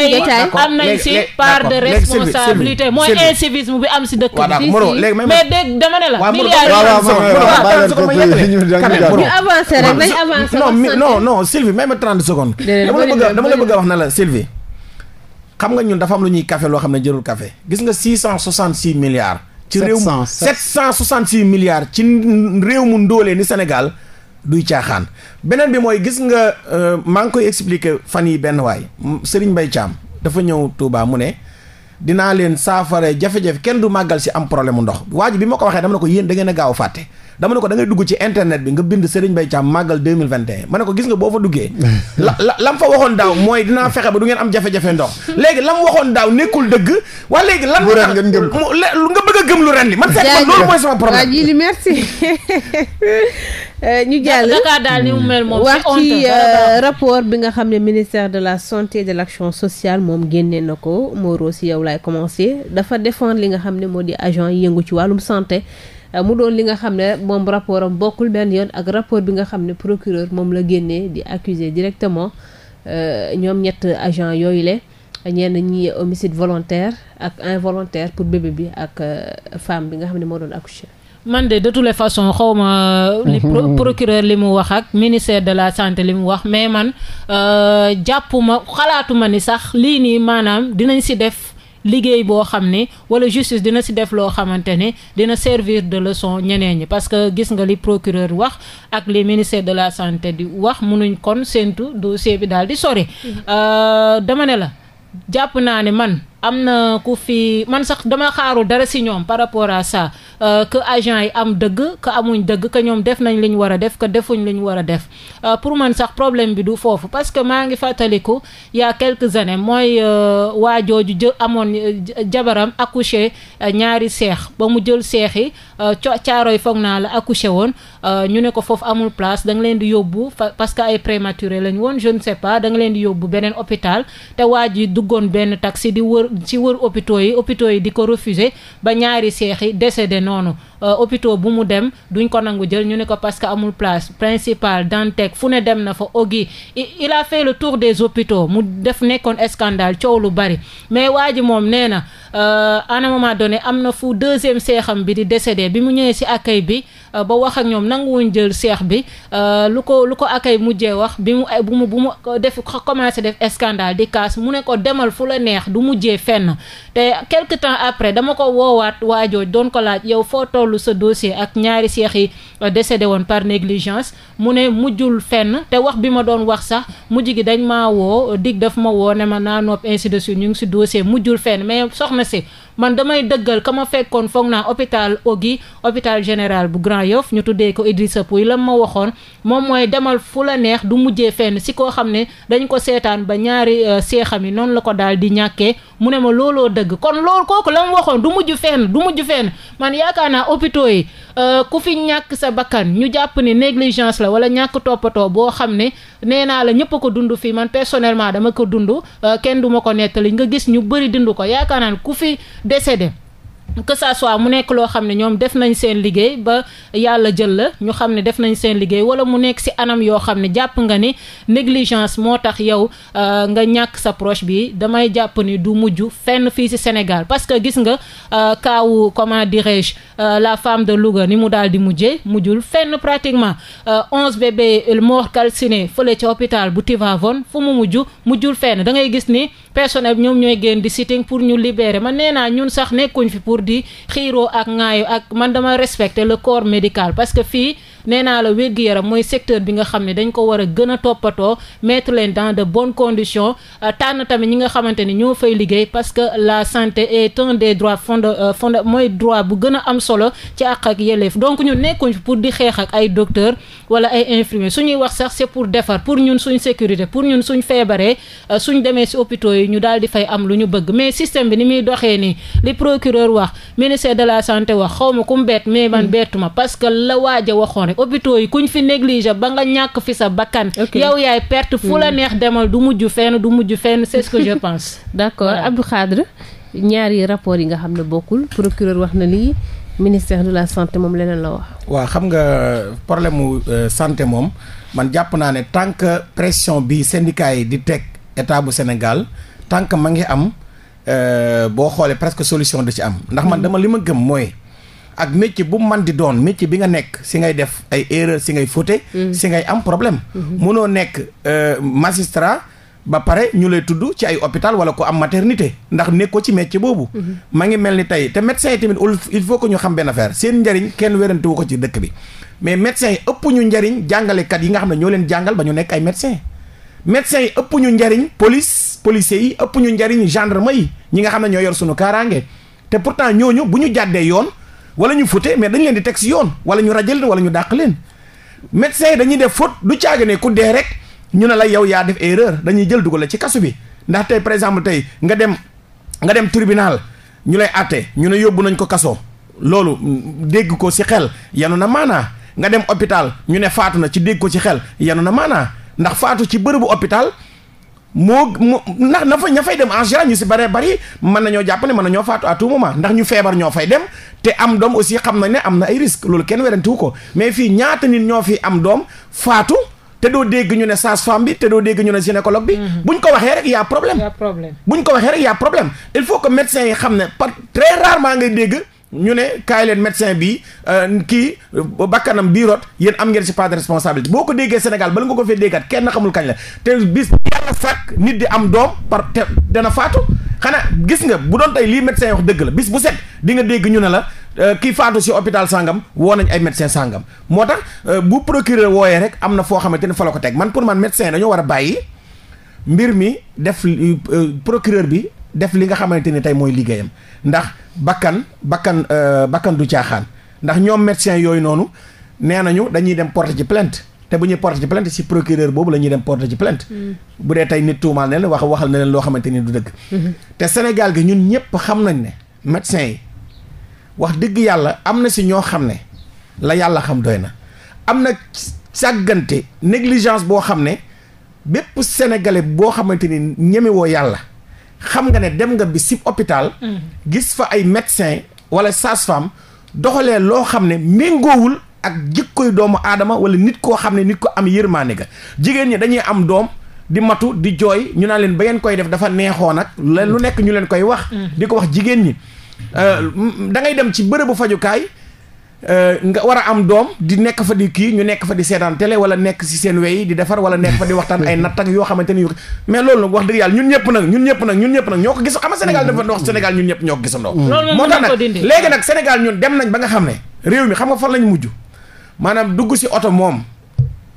S4: dinañ am si part de responsabilité mooy incivisme bi am si dëkk bi. mais dégg dama ne la. milliards yi ñu rek commencé non non non Sylvie
S3: may ma 30 secondes. dama la bëgg a wax na la Sylvie. xam nga ñun dafa am lu ñuy kafe loo xam ne jërul kafe gis nga 666 milliards. ci réew mu 766 milliards ci réew mu ndóolee ni senegal duy caaxaan beneen bi mooy gis nga euh, maa ngi koy expliquer fan yi benn waay Serigne Mbaye Thiam dafa ñëw Touba mu ne. dinaa leen saafara jafe-jafe kenn du màggal si am problème mu ndox waa ji bi ma ko waxee dama ne ko yéen da ngeen a gaaw fàtte dama ne ko dangay dugg ci internet bi nga bind Serigne Mbaye Thiam màggal 2021 ma ne ko gis nga boo fa duggee *laughs* la la lam fa waxoon daaw mooy dinaa fexe ba du ngeen am jafe-jafe ndox léegi lam waxoon daaw nekkul dëgg waa léegi lan lu nga bëgg a gëm lu ren li man seet man loolu mooy sama problème waa ji merci *laughs*
S4: euh,
S1: ñu jàll wax ci euh, rapport bi nga xam ne ministère de la santé et de l'action sociale moom génnee na ko Moro si laay commencé dafa défendre li nga xam ne moo di agent yi yëngu ci wàllum santé Euh, mu doon li nga xam ne moom rapport am bokkul benn yoon ak rapport bi nga xam ne procureur moom la génnee di accuser directement euh, ñoom ñett agent yooyu le ñenn ñi homicide volontaire ak involontaire pour bébé bi ak euh, femme bi nga xam ne moo doon accoucher.
S4: man de de toutes les façons xawma li *laughs* procureur li mu wax ak ministère de la santé li mu wax mais man jàppuma xalaatuma ni sax lii nii maanaam dinañ si def. liggéey boo xam ne wala justice dina si def loo xamante ne dina servir de leçon ñeneen ñi parce que gis nga li procureur wax ak les ministères de la santé di wax munuñ kon séentu dossier bi daal di sori. Mm-hmm. Euh, dama ne la jàpp naa ne man. am na ku fii man sax dama xaarul dara si ñoom par rapport à ça euh, que agent yi am dëgg que amuñ dëgg que ñoom def nañ li ñu war a def que defuñ li ñu war a def euh, pour man sax problème bi du foofu parce que maa ngi fàttaliku y a quelques années mooy euh, waa jooju jë amoon euh, jabaram accouché euh, ñaari seex ba mu jël seex yi caaro yi foog naa la accouché woon ñu ne ko foofu amul place da leen di yóbbu parce que ay prématuré lañ woon jeune ne sais pas da nga leen di yóbbu beneen hôpital ci wër hôpitaux yi hôpitaux yi di ko refuser ba ñaari seex yi décédé noonu Euh, hôpitaux bu mu dem duñ ko nangu jël ñu ne ko parce que amul place principal Dantec fu ne dem na fa Ogi il a le tour des hôpitaux mu def nekkoon scandale coow lu bari mais waa moom nee na euh, à un donné am na fu deuxième seexam bi di décédé bi mu ñëwee ci accueil bi euh, ba wax ak ñoom nanguwuñ jël seex bi lu ko lu ko accueil mujjee wax bi mu bu mu bu mu def commencé def scandale di kaas mu ne ko demal fu la neex du mujjee fenn te quelque temps après dama ko woowaat waajooj lu sa dossier ak ñaari seex yi euh, décédé woon par négligence mu ne mujjul fenn te wax bi ma doon wax sax mujj gi dañ ma woo dig daf ma woo ne ma naa nopp ainsi de suite ñu ngi si dossier mujjul fenn mais soxna si man damay dëggal ka fekkoon foog naa hôpital Ogi hôpital général bu Grand Yoff ñu tuddee ko Idrissa Pouye la ma waxoon moom mooy demal fu la neex du mujjee fenn si koo xam ne dañ ko seetaan ba ñaari euh, seexam yi noonu la ko daal di ñàkkee mu ne ma looloo dëgg kon loolu kooku la mu waxoon du mujj fenn du mujju fenn man yaakaar naa hôpitaux yi euh, ku fi ñàkk sa bakkan ñu jàpp ne négligence la wala ñàkk toppatoo boo xam ne nee naa la ñëpp ko dund fii man personnellement dama ko dund euh, kenn du ma ko nettali nga gis ñu bëri dund ko yaakaar décédé que ça soit mu nekk loo xam ne ñoom def nañ seen liggéey ba yàlla jël la ñu xam ne def nañ seen liggéey wala mu nekk ci anam yoo xam ne jàpp nga ni négligence moo tax yow euh, nga ñàkk sa proche bi damay jàpp ni du mujj fenn fii ci Sénégal parce que gis nga euh, kaawu comment dirais-je euh, la femme de Louga ni mu daal di mujjee mujjul fenn pratiquement onze bébés morts calcinés fële ci hôpital bu Tivaouane fu mu mujj mujjul fenn da gis ni personnel bi ñoom ñooy génn di sitting pour ñu libérer man nee naa ñun sax nekkuñ fi pour di xiiroo ak ŋaayu ak man dama respecter le corps médical parce que fii nee naa la wérgu yaram mooy secteur bi nga xam ne dañ ko war a gën a toppatoo maitre leen dans de bonnes conditions euh, tànn tamit ñi nga xamante ni ñoo fay liggéey parce que la santé est un des droits fond euh, fond mooy droit bu gën a am solo ci àq ak yelleef donc ñu nekkuñ pour di xeex ak ay docteur wala ay infirmier suñuy wax sax c'est pour defar pour ñun suñ sécurité pour ñun suñ feebaree euh, suñ demee ci hôpitaux yi ñu daal di fay am lu ñu bëgg mais système bi ni muy doxee nii li procureur wax ministère de la santé wax xaw ma ku mu bett mm. parce que la waaja waxoon rek hôpitaux yi kuñ fi négligé ba nga ñàkk fi sa bakkan yow yaay perte fu la hmm. neex demal du mujj fenn du mujj fenn c'est ce que je *laughs* pense
S1: d'accord Abdou Khadre ñaari rapport yi nga xam ne bokkul procureur wax na lii ministère de la santé moom leneen la wax
S3: waaw xam nga problème mu euh, santé moom man jàpp naa ne tant que pression bi syndicat yi di teg état bu Sénégal tant que ma ngi am euh, boo xoolee presque solution da ci am ndax man hmm. dama li ma gëm mooy ak métier bu man di doon métier bi nga nekk si ngay def ay erreur si ngay fauté mm-hmm. si ngay am problème mm-hmm. mënoo nekk euh, magistrat ba pare ñu lay tudd ci ay hôpital wala ko am maternité ndax nekkoo ci métier boobu mm-hmm. ma ngi mel ni tey te médecins yi tamit il faut que ñu xam benn affaire seen njariñ kenn wérante wu ko ci dëkk bi mais médecins yi ëpp ñu njariñ jàngalekat yi nga xam ne ñoo leen jàngal ba ñu nekk ay médecins médecins yi ëpp ñu njariñ police policiers yi ëpp ñu njariñ gendarme yi ñi nga xam ne ñoo yor sunu kaaraange te pourtant ñooñu bu ñu jàddee yoon wala ñu fute mais dañ leen di teg si yoon wala ñu rajal wala ñu dàq leen médecin yi dañuy def faute du caaga ne ku dee rek ñu ne la yow yaa def erreur dañuy jël dugal la ci kasu bi ndax tey par exemple tey nga dem nga dem tribunal ñu lay atte ñu ne yóbbu nañ ko kaso loolu dégg ko si xel yanu na maanaa nga dem hôpital ñu ne faatu na ci dégg ko ci xel yanu na maanaa ndax faatu ci bërëbu hôpital moo moo ndax na fa ña fay dem en général ñu si bëree bëri mën nañoo jàpp ne mën nañoo faatu à tout moment ndax ñu feebar ñoo fay dem te am doom aussi xam nañ ne am na ay risques loolu kenn werantewu ko mais fii ñaata nit ñoo fi am doom faatu te doo dégg ñu ne sage-femme bi te doo dégg ñu ne gynécologue bi. Mhm. buñ ko waxee rek y' a problème. y' buñ ko waxee rek y' a problème il faut que médecins yi xam ne par très rarement ngay dégg. ñu ne kaay leen médecin bi euh, kii euh, bakkanam bii rot yéen am ngeen ci pas de responsabilité boo ko déggee Sénégal bala nga ko fee déggaat kenn xamul kañ la te bis yàlla sàkk nit di am doom par te dana faatu xanaa gis nga bu doon tey lii médecin wax dëgg la bis bu set di nga dégg ñu ne la euh, kii faatu si hôpital sangam woo nañ ay médecin sangam moo tax bu procureur wooyee rek am na foo xamante ni fa la ko teg man pour man médecin dañoo war a bàyyi mbir mi def procureur bi def li nga xamante ni tey mooy liggéeyam ndax bakkan bakkan euh, bakkan du caaxaan ndax ñoom médecin yooyu noonu nee nañu dañuy dem porte ci plainte te bu ñuy porter ci plainte si procureur boobu la ñuy dem porter ci plainte mm. bu dee tey nit tuumaal ne leen wax waxal na leen loo xamante ni du dëgg mm-hmm. te Sénégal gi ñun ñëpp xam nañ ne médecin yi wax dëgg yàlla am na si ñoo xam ne la yàlla xam doy na am na sàggante négligence boo xam ne bépp sénégalais boo xamante ni ñemewoo yàlla xam nga ne dem nga bi si hôpital. Mm. gis fa ay médecin wala sage-femme doxalee loo xam ne méngoowul ak jikkoy doomu aadama wala nit koo xam ne nit ko am yërmaane ga jigéen ñi dañuy am doom di matu di jooy ñu naa leen ba ngeen koy def dafa neexoo nag leen lu nekk ñu leen koy wax. Mm. di ko wax jigéen ñi. Euh, da ngay dem ci bërëbu fajukaay. Euh, nga war a am doom di nekk fa di kii ñu nekk fa di seetaan télé wala nekk si seen wey di defar wala nekk fa di waxtaan ay natt ak yoo xamante ni yu mais loolu nag wax dëgg yàlla ñun ñëpp nag ñun ñëpp nag ñun ñëpp nag ñoo ko gis xam nga Sénégal dafa wax Sénégal ñun ñëpp ñoo ko moo tax nag léegi nag Sénégal ñun dem nañ ba nga xam ne réew mi xam nga fan lañ mujj maanaam dugg si oto moom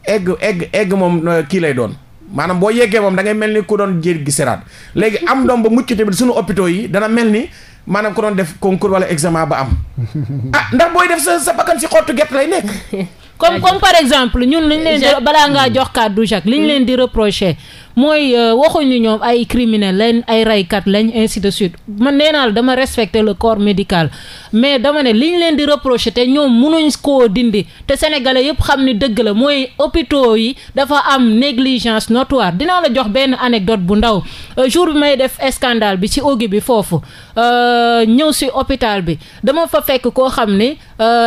S3: egg egg egg moom euh, kii lay doon maanaam boo yeggee moom da ngay mel ni ku doon jéggi seraat léegi am doom ba mucc tamit suñu hôpitaux yi dana mel ni maanaam ko doon def concours wala examen ba am *laughs* ah ndax booy def sa sa bakkan si xottu gerte lay
S1: nekk *laughs* comme comme par exemple ñun liñ leen di balaa ngaa jox
S4: kàddu Jacques liñ mm. leen di reprocher mooy euh, waxuñu ñoom ay criminel lañ ay raykat lañ ainsi de ma man nee naa la dama respecter le corps médical mais dama ne liñ leen di reprocher te ñoom mënuñ koo dindi te sénégalais yëpp xam ni dëgg la mooy hôpitaux yi dafa am négligence notoire dinaa la jox benn anecdote bu ndaw euh, jour bi may def scandale bi ci augi bi foofu euh, ñëw si hôpital bi dama fa fekk koo xam ni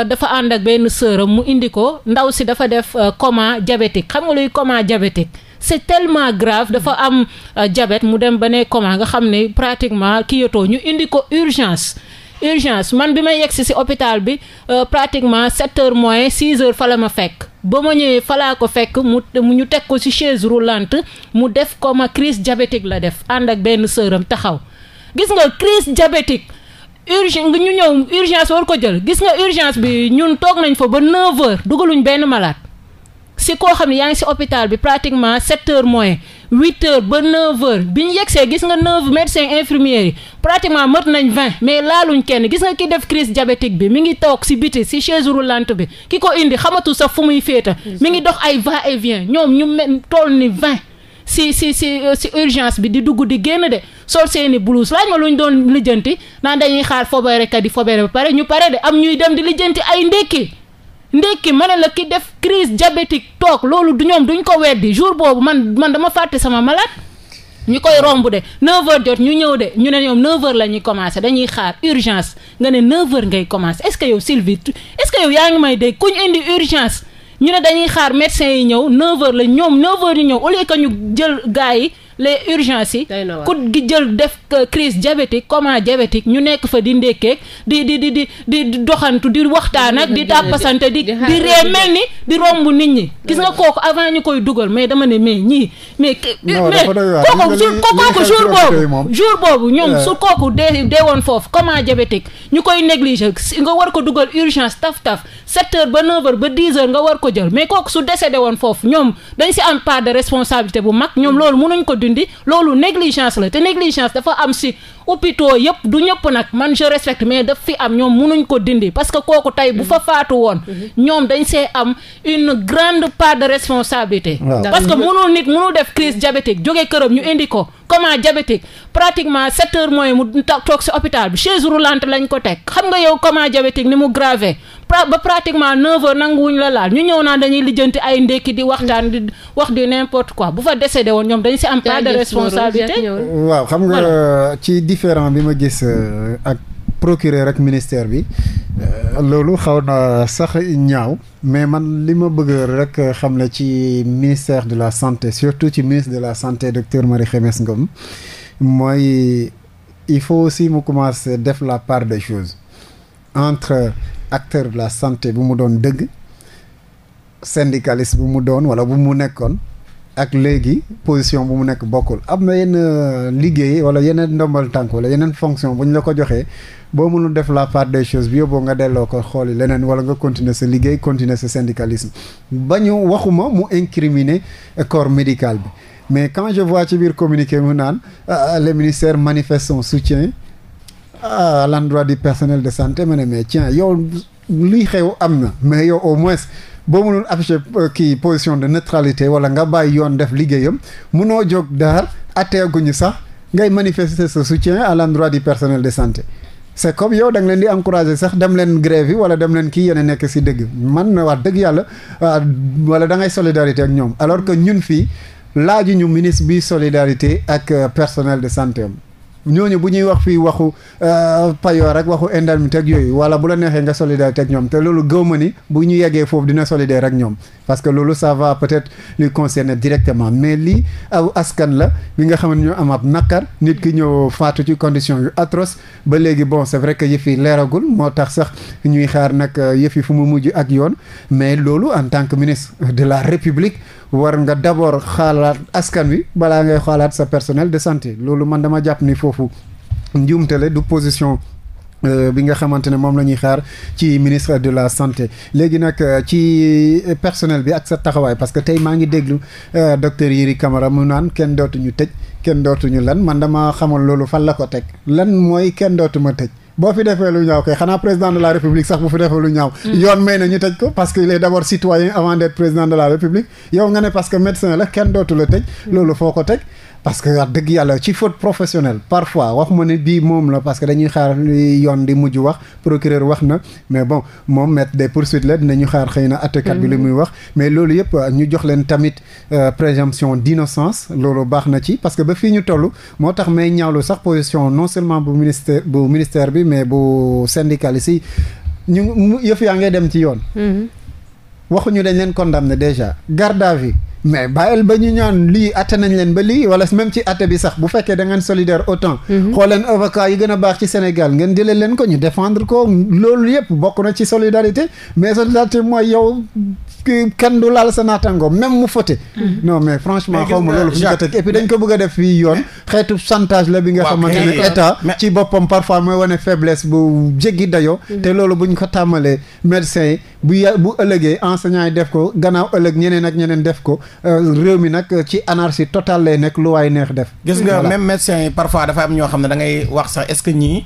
S4: dafa ànd ak benn sëram mu indi ko ndaw si dafa def comment diabétique xam nga luy coma diabétique c'est tellement grave dafa am jabet euh, mu dem ba ne comment nga xam ne pratiquement kiyatoo ñu indi ko urgence urgence man bi may yegsi ci hôpital bi euh, pratiquement sept heures moins six heures ma fekk ba ma ñëwee falaa ko fekk mu mu ñu teg ko ci chaise lant mu def ko ma crise diabétique la def ànd ak benn sëram taxaw gis nga crise diabétique urgence ñu ñëw urgence war ko jël gis nga urgence bi ñun toog nañ fa ba 9 heures dugaluñ benn malaat ci koo xam ne yaa ngi si hôpital bi pratiquement sept heures moins huit heures ba neuf bi ñu yegsee gis nga neuf médecins infirmiers yi pratiquement mët nañ vingt mais laaluñ kenn gis nga ki def crise diabétique bi mi ngi toog si biti si chaise lant bi ki ko indi xamatu sax fu muy féetal mi ngi dox ay va et ñoom ñu mel toll ni vingt si si si euh, si urgence bi di dugg di génn de sol seeni blouse laaj ma lu ñu doon lijjanti naan dañuy xaar foberekat yi fobere ba pare ñu pare de am ñuy dem di lijjanti ay ndékki ndekki ma ne la ki def crise diabétique toog loolu du ñoom duñ ko weddi jour boobu man man dama fàtte sama malade ñu koy romb de 9h jot ñu ñëw de ñu ne ñoom 9h la ñuy commencé dañuy xaar urgence nga ne 9h ngay commencé est-ce que yow Sylvie est que yow yaa ngi may dégg ku indi urgence ñu ne dañuy xaar médecin yi ñëw 9h la ñoom 9h ñu ñëw au lieu que ñu jël gars yi. les urgence yi ku gi jël def crise diabétique comment diabétique ñu nekk fa di ndékkeeg di di di di di doxantu di waxtaan ak di tàppasante di di ree mel ni di romb nit ñi gis nga kooku avant ñu koy dugal mais dama ne mais ñii mais mais kooku su kooku jour boobu jour boobu ñoom eh. su kooku dee dee woon foofu comment diabétique ñu koy si nga war ko dugal urgence taf taf sept ba neuf heures ba dix heures nga war ko jël mais kooku su décédé woon foofu ñoom dañ si am part de responsabilité bu mag ñoom loolu mënuñ ko dundi loolu négligence la te négligence dafa am si hôpitaux yëpp du ñëpp nag man je respecte mais daf fi am ñoom munuñ ko dindi parce que kooku tey bu fa faatu woon ñoom dañ see am une grande part de responsabilité parce que munul nit munul def crise diabétique jóge këram ñu indi ko comment diabétique pratiquement sept heures mooy mu toog si hôpital bi chaise roulante lañ ko teg xam nga yow comment diabétique ni mu grave ba pratiquement 9h nanguwuñ la laal ñu ñëw naa dañuy lijjanti ay ndékki di waxtaan wax di n'importe quoi bu fa décédé woon ñoom dañu si am pas de responsabilité
S2: waaw xam nga euh, ci différent bi ma gis euh, ak procureur ak ministère bi euh, loolu xaw na sax ñaaw mais man li ma bëgg rek xam ne ci ministère de la santé surtout ci ministre de la santé docteur Marie Khemesse Ngom mooy il faut aussi mu commencer def la part des choses entre acteur de la santé bu mu doon dëgg syndicaliste bu mu doon wala bu mu nekkoon ak léegi position bu mu nekk bokkul am na yenn euh, liggéey wala yeneen ndombal tànk wala yeneen fonction bu ñu la ko joxee boo mënul def la part des choses bi yóbboo nga delloo ko xooli leneen wala nga continuer sa liggéey continuer sa syndicalisme ba ñu waxuma mu incriminer corps médical bi mais quand je vois ci biir communiqué mu naan euh, le ministère manifeste son soutien à l'endroit du personnel de santé ma ne mais tiens yow lii xew am na mais yow au moins boo mënoon affiché euh, kii position de neutralité wala nga bàyyi yoon def liggéeyam munoo jog daar atteeguñu sax ngay manifester ce soutien à l'endroit di personnel de santé c'est comme yow da leen di encourager sax dem leen grève yi wala dem leen kii yéen nekk si dëgg man na wax dëgg yàlla euh, wala dangay solidarité ak ñoom alors que ñun fii laaju ñu ministre bi solidarité ak euh, personnel de santé ñooñu bu ñuy wax fii waxu euh, payoor ak waxu mi teg yooyu wala bu la neexee nga solidarité ak ñoom te loolu gëw ma ni bu ñu yeggee foofu dina solidaire ak ñoom parce que loolu ça va peut-être lui directement mais lii aw askan la bi nga xam ne ñu am ab nakar nit ki ñëw faatu ci condition yu atroce ba léegi bon c'est vrai que yëf yi leeragul moo tax sax ñuy xaar nag euh, yëf fu mu mujj ak yoon mais loolu en tant que ministre de la République war nga d'abord xaalaat askan wi balaa ngay xalaat sa personnel de santé loolu man dama jàpp ni foofu njuumtale du position euh, bi nga xamante ne moom la ñuy xaar ci ministre de la santé léegi nag euh, ci personnel bi ak sa taxawaay parce que tey maa ngi déglu euh, docteur Yiri Camara mu naan kenn dootuñu tëj kenn dootuñu lan man ma xamoon loolu fan la ko teg lan mooy kenn dootuma tëj. boo fi defee lu ñaaw kay xanaa président de la république sax bu fi defee lu ñaaw. Mm. yoon may na ñu tëj ko parce que il est d'abord citoyen avant d'être président de la république yow nga ne parce que médecin la kenn dootu la tëj. Mm. loolu foo ko teg. parce que wax dëgg yàlla ci faute professionnelle parfois wax ma ne bii moom la parce que dañuy xaar yoon di mujj wax procureur wax na mais bon moom mettre des poursuites la dinañu xaar xëy na attekat bi li mhm. muy wax mais loolu yëpp euh, ñu jox leen tamit euh, présomption d'innocence loolu baax na ci parce que ba fii ñu toll moo tax may ñaawlu sax position non seulement bu ministère bu ministère bi mais bu syndicaliste yi ñu yëf yaa ngay dem ci yoon mhm. waxuñu dañ leen condamné déjà garde à vue mais bàyyil ba ñu ñaan lii atte nañ leen ba lii wala même ci atte bi sax bu fekkee da ngeen solidaire autant mhm. xool leen avocat yi gën a baax ci Sénégal ngeen jëlee leen ko ñu defendre ko loolu yëpp bokk na ci solidarité mais solidarité mooy yow kenn du laal sa naataango même mu fote mm-hmm. non mais franchement xaw ma loolu fu ñu ko teg dañ ko bëgg a def fii yoon xeetu chantage la bi nga xamante ne état ci boppam parfois mooy wane faiblesse bu jéggi dayoo mm-hmm. te loolu ñu ko tàmmalee médecins yi bu ya bu ëllëgee enseignants yi def ko gannaaw ëllëg ñeneen ak ñeneen def ko euh, réew mi nag ci anarchie totale lay nekk lu waay neex def gis nga même
S3: médecins yi parfois dafa am ñoo xam ne da ngay wax sax est-ce que ñii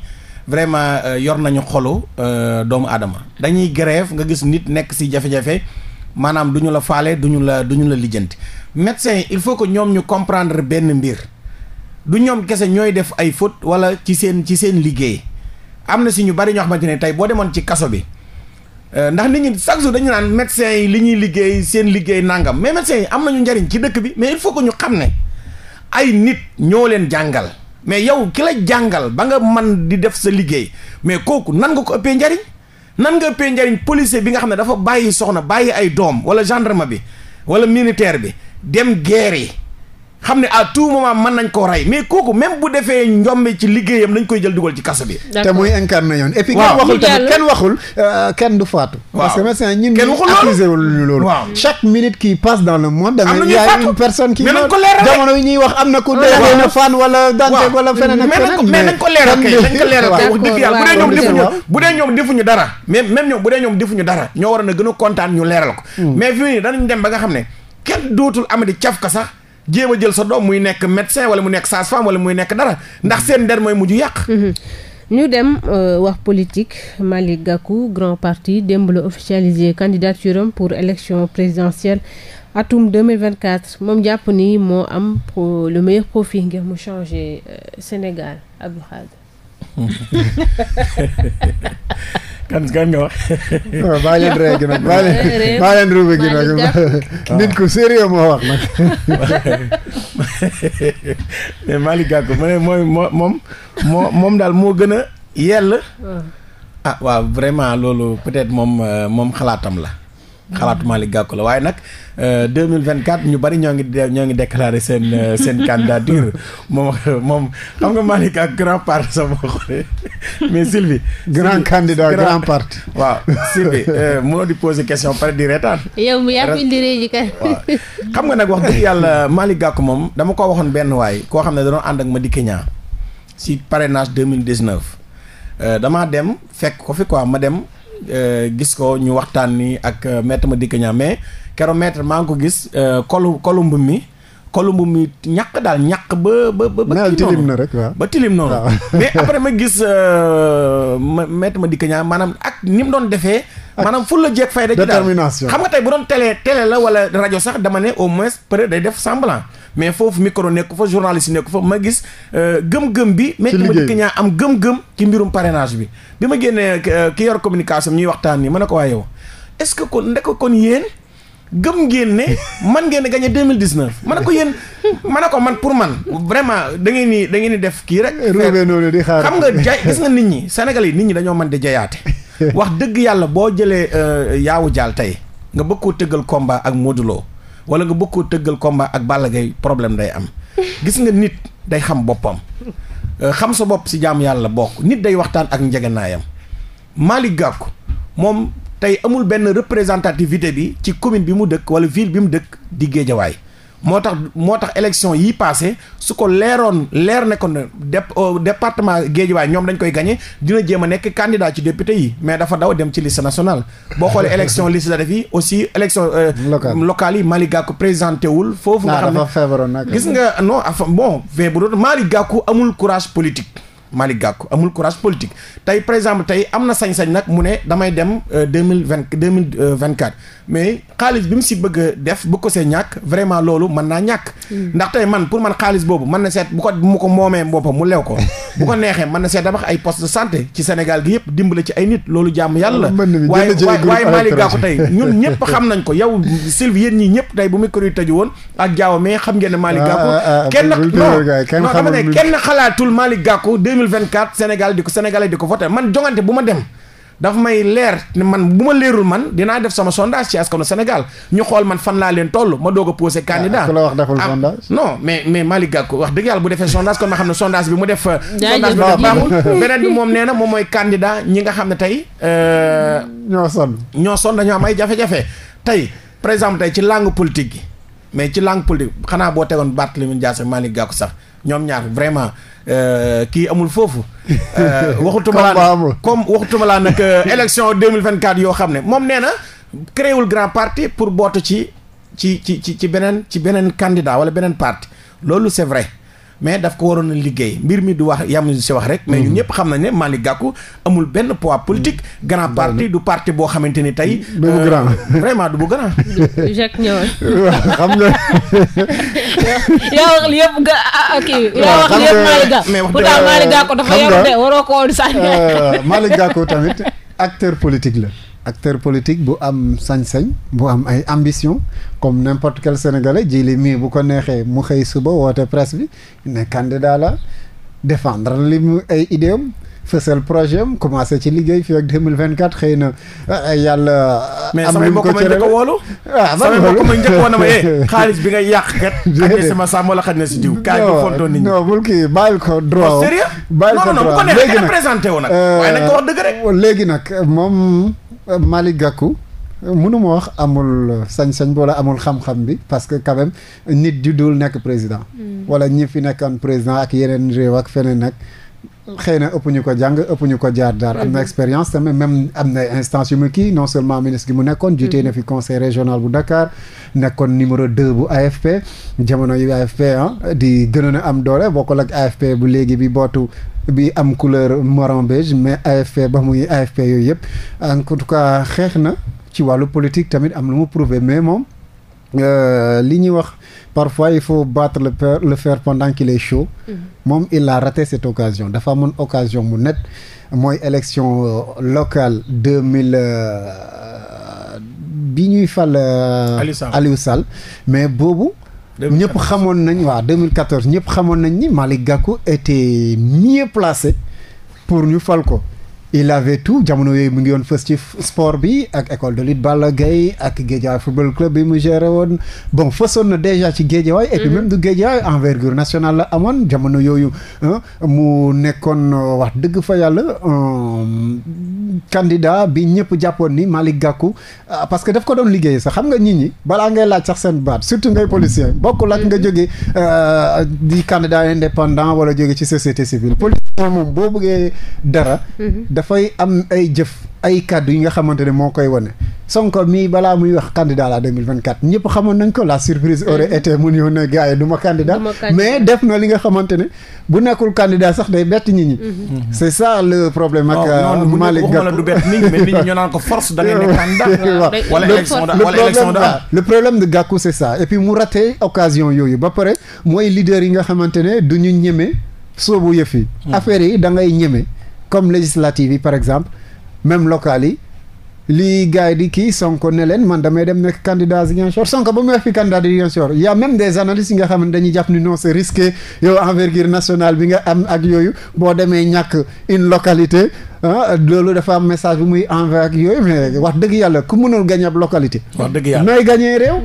S3: vraiment euh, yor nañu xolu euh, doomu aadama dañuy grève nga gis nit nekk ci jafe maanaam du ñu la faale du ñu la du ñu la lijjanti médecin yi il faut que ñoom ñu comprendre benn mbir du ñoom kese ñooy def ay faute wala ci seen ci seen liggéey am na si ñu bari ñoo xamante ne tey boo demoon ci kaso bi euh, ndax nit ñi chaque jour dañu naan médecin yi li ñuy liggéey seen liggéey nangam mais médecin yi am nañu njariñ ci dëkk bi mais il faut que ñu xam ne ay nit ñoo leen jàngal mais yow kila la jàngal ba nga man di def sa liggéey mais kooku nan nga ko ëppee njariñ nan nga pay njariñ policier bi nga xam ne dafa bàyyi soxna bàyyi ay doom wala gendarme bi wala militaire bi dem guerre yi xam ne à tout moment mën nañ koo rey mais kooku même bu defee njombe ci liggéeyam nañ koy jël dugal ci kaso bi.
S2: te muy incarné yoon. et puis kenn waxul tamit kenn waxul euh, kenn du faatu. parce que médecin ñun chaque minute qui passe dans ñuy personne qui. mais nañ wax am na ku dee fan wala dante wala feneen ak feneen. mais nañ ko leeral kay nañ ko leeral kay wax dëgg yàlla
S3: bu dee ñoom defuñu bu dee ñoom defuñu a gën a kontaan ñu leeral ko. Hmm. mais fii danañ dem ba nga xam ne kenn dootul amati ka sax jéem a jël sa doom muy nekk médecin wala mu nekk sage-femme wala muy nekk dara ndax seen der mooy mujj yàq. Mhm.
S1: ñu dem euh, wax politique Malick Gakou grand parti démb la officialisé candidature am pour élection présidentielle atum 2024 moom jàpp nii moo am le meilleur profil ngir mu changer euh, Sénégal Abdou Khadre
S3: kan kan nga wax. waaw baa leen ree gi nit ku sérieux moo wax nag. mais Malick Gakou mu ne moom moom daal moo gën a yell. ah waaw vraiment loolu peut-être moom euh, moom xalaatam la. xalaatu Malick Gakou la waaye nag 2024 euh, ñu bari ñoo ngi ñoo ngi déclaré seen euh, seen candidature *laughs* moom moom xam nga Malick Gakou grand parti sax boo xoolee *laughs* mais Sylvie. grand candidat grand parti. waaw Sylvie euh, mënoo di poser question pare di reetaan.
S1: yow mu yàgg indi réew kan.
S3: xam nga nag wax dëgg yàlla maali Gakou moom dama ko waxoon benn waay koo xam ne da ànd ak ma Madické Niang si parrainage 2019 damaa dem fekk ko fi quoi ma dem. Euh, gis ko ñu waxtaan ni ak euh, maître Madické Niang mais keroog maa ngi ko gis euh, kolu kolu mbubb mi kolu mbubb mi ñàkk daal ñàkk ba ba ba. ba tilim rek waaw ba tilim noonu. *laughs* mais après ma gis ma maître Madické Niang maanaam ak ni mu doon defee. maanaam ful la jeeg fayda ci daal xam nga tey bu doon télé télé la wala rajo sax dama ne au moins peut day def semblant. mais foofu micro nekku fa journaliste nekku fa ma gis euh, gëm-gëm bi mais ma dikk ñaa am gëm-gëm ci mbirum parrainage bi bi ma génnee euh, ki yor communication ñuy waxtaan nii ma ko waaye yow est-ce que kon ndek kon yéen gëm ngeen ne *laughs* man ngeen gagné deux mille dix neuf ma ko yéen ma ne ko man pour man vraiment da ngeen ni da ngeen ni def kii rek.
S2: di xam nga jay gis nga
S3: nit ñi Sénégal yi nit ñi dañoo mën di jayaate *laughs* wax dëgg yàlla boo jëlee euh, yaawu jaal tey nga bëgg tëggal combat ak Modou wala nga bëgg koo tëggal combat ak Balla Gaye problème day am *laughs* gis nga nit day xam boppam euh, xam sa bopp si jaam yàlla bokk nit day waxtaan ak njegenaayam Malick ko moom tey amul benn représentativité bi ci commune bi mu dëkk wala ville bi mu dëkk di Géejawaay moo tax moo tax élection yi passé su ko leeroon leer ne ko géej euh, Guédiawaye ñoom dañ koy gagné dina jéem a nekk candidat ci député yi mais dafa daw dem ci liste nationale boo xoolee élection *laughs* législative yi aussi élection euh, locale yi Malick Gakou présenté wul foofu nga ah,
S2: xam ne gis nga
S3: non bon mais bu doon Malick Gakou amul courage politique Malick Gakou amul courage politique tey par exemple tey am na sañ-sañ nag mu ne damay dem euh, deux mille vingt deux mille euh, vingt quatre mais xaalis bi mu si bëgg def bu ko see ñàkk vraiment loolu man naa ñàkk. Mm. ndax tey man pour man xaalis boobu mën na seet bu ko mu ko moomee boppam mu lew ko. *laughs* bu ko neexee mën na seet tabax ay poste de santé ci Sénégal gi yëpp dimbale ci ay nit loolu jàmm yàlla. Ah, waaye waaye Malick Gakou tey ñun ñëpp *laughs* xam nañ ko yow Sylvie yéen ñii ñëpp tey bu micro yi tëju woon xam ngeen ne Malick ah, Gakou. Ah, kenn non non 2024 Sénégal di ko sénégalais di ko voté man jongante bu ma dem dafa may leer ne man bu ma leerul man dinaa def sama sondage ci askanu Sénégal ñu xool man fan laa leen toll ma doog a posé candidat ah, ku la wax deful ah, sondage non mais mais Malick Gakou wax dëgg yàlla bu defee sondage kon ma xam ne sondage bi mu def euh, sondage bi def baaxul *laughs* beneen bi moom nee na moom mooy candidat ñi nga xam ne tey euh, ñoo sonn ñoo sonn dañoo am ay jafe-jafe tey par exemple tey ci langue politique gi mais ci langue politique xanaa boo tegoon Barthélémy Dias ak Malick Gakou sax ñoom ñaar vraiment euh, kii amul foofu. Euh, *laughs* waxutuma laa comme waxutuma euh, deux nag élection 2024 yoo xam ne moom nee na créewul grand parti pour bootu ci ci ci ci beneen ci beneen candidat wala beneen parti loolu c'est vrai. mais daf ko waroon a liggéey mbir mi du wax yam si wax rek. mais ñu mhm. ñëpp xam nañ ne Malick Gakou amul benn poids politique. Mhm. grand parti du parti boo xamante ni tey. du bu euh, grand vraiment du bu grand. *laughs*
S1: Jacques ñëwal. *laughs* nga. *laughs* yaa wax
S4: lépp ga ah, ah, ok yaa mais wax dëgg Malick Gakou dafa yor de waroo ko woon sànni. Euh,
S2: Malick Gakou tamit acteur politique la. acteur politique bu am sañ-sañ bu am ay ambition comme n'importe quel sénégalais jili mii bu ko neexee mu xëy suba woote presse bi ne candidat la défendre li mu ay idéam fësal projet am commencé ci liggéey fii ak deux mille vingt quatre xëy na yàlla. am nañu ko cërale mais
S3: ah, samay woolu. Eh, *laughs* xaalis bi nga yàq kat. ak sama sàmm wala xaj na si diw. kaay bi fontoon nit ñi
S2: non ko droit. Oh, au sérieux bàyyil ko léegi nag non euh, léegi nag moom. Malick Gakou mënuma wax amul sañ-sañ wala amul xam-xam bi parce que quand même nit ju dul nekk président. Hmm. wala ñi fi nekkoon président ak yeneen réew ak feneen ak. xëy na ëpp ñu ko jàng ëpp ñu ko jaar daar am na mhm. expérience tamit même am na instance yu mu kii non seulement ministre gi mu nekkoon jiitee na mhm. fi conseil régional bu Dakar nekkoon numéro deux bu AFP jamono yu AFP ah di gënoon a am doole bokkul ak AFP bu léegi bi bootu bi am couleur marron mais AFP ba muy AFP yooyu yëpp en tout cas xeex na ci wàllu politique tamit am lu mu prouvé mais moom Euh, li ñuy wax parfois il faut battre le fer le fer pendant qu'il est chaud. Mm-hmm. moom il a rate cette occasion dafa amoon occasion mu net mooy élection euh, locale deux mille euh, bi ñuy fal. Aliou Sall mais boobu. ñëpp xamoon nañ waaw 2014 ñëpp xamoon nañ ni mali Gakou était mieux placé pour ñu fal ko. il avait tout jamono yooyu mu ngi woon fës ci sport bi ak école de lutte Balla Gaye ak Guédiawaye football club bi mu géré woon bon fësoon na déjà ci Guédiawaye et puis mhm. même du Guédiawaye envergure nationale la amoon jamono yooyu mu nekkoon euh, wax dëgg fa yàlla candidat bi ñëpp jàppoon ni Malick Gakou euh, parce que daf ko doon liggéeye sax xam nga nit ñi balaa ngay laaj sax seen baat surtout ngay policier mhm. bokkul ak nga mhm. jóge euh, di candidat indépendant wala jóge ci société civile policier moom boo bëggee dara dafay am ay jëf ay kàddu yi nga xamante ne moo koy wane Sonko mii balaa muy wax candidat la 2024 ñëpp xamoon nañ ko la surprise aurait mhm. été mun yoon na gars yi du ma candidat mais def na li nga xamante ne bu nekkul candidat sax day bett nit ñi mhm. Mhm. c'est ça le problème ak oh, euh, Malick Gakou du bett nit ñi
S3: naan ko force da ngay nekk candidat *laughs* wala élection da
S2: le problème de Gakou c'est ça et puis mu raté occasion yooyu ba pare mooy leader yi nga xamante ne du ñu ñeme soobu yëf yi hmm. affaire yi da ngay ñeme comme législative yi par exemple même locales yi lii gars yi di kii Sonko ne leen man damay dem nekk candidat Ziguinchor Sonko ba mu wax fi candidat Ziguinchor y' a même des analystes nga xam ne dañuy jàpp ni non c'est risqué yow envergure nationale bi nga am ak yooyu boo demee ñàkk une localité ah loolu dafa am message bu muy envoyé ak yooyu mais wax dëgg yàlla ku mënul gagné ab localité. wax dëgg yàlla nooy gagné réew.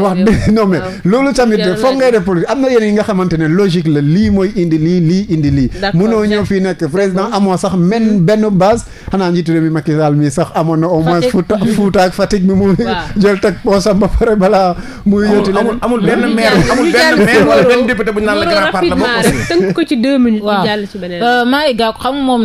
S2: wax dëgg non loolu tamit foog ngay def politique am na yeneen yi nga xamante ne logique la lii mooy indi lii lii indi lii. mënoo ñëw fii nekk président mm-hmm. amoo sax men mm-hmm. benn base xanaa njiitu réew mi Macky Sall mi sax amoon na au moins. Fouta Fouta ak Fatick mi mu jël teg poosam ba pare balaa. muy yóoti amul benn maire amul benn maire wala benn député
S3: bu
S1: ñu naan la grand parlement. tënk
S4: ko ci deux minutes. ñu jàll ci beneen. maa ngi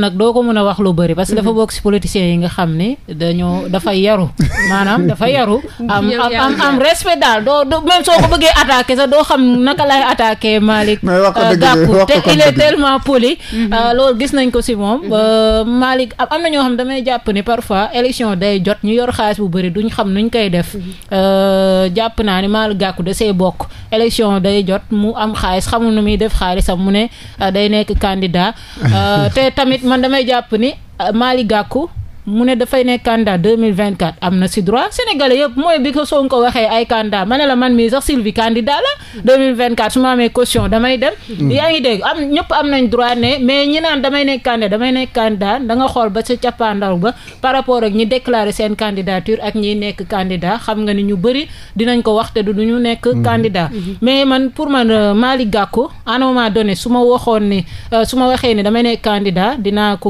S4: gaaw a bëri parce que dafa mhm. bokk ci politiciens yi nga xam ne dañoo dafay yaru *laughs* maanaam dafa yaru *laughs* am am am respect daal doo doo même soo ko bëggee attaqué sax doo xam naka lay attaqué Malick euh, Gakou te il est tellement poli mhm. euh, loolu gis nañ ko si moom mhm. euh, Malick am na ñoo xam damay jàpp ni parfois élection day jot ñu yor xaalis bu bari duñ xam nuñ koy def jàpp naa ni Malick Gakou da see bokk élection day jot mu am xaalis xamul nu muy def xaalisam mu ne day nekk candidat *laughs* te tamit Malick Gakou mu ne dafay nekk candidat 2024 am na si droit sénégalais yëpp mooy bi ko Sonko waxee ay candidat ma ne la man mii sax Sylvie candidat la su ma amee caution damay dem mm. yaa ngi dégg am ñëpp am nañ droit ne mais ñi naan damay nekk candidat damay nekk candidat da nga xool ba sa cappaandaw ba par rapport ak ñi déclarer seen candidature ak ñiy nekk candidat xam nga ni ñu bëri dinañ ko wax te du ñu nekk mm. candidat mm-hmm. mais man pour man euh, Malick Gakou à un moment donné su ma waxoon ni euh, su ma waxee ni damay nekk candidat dinaa ko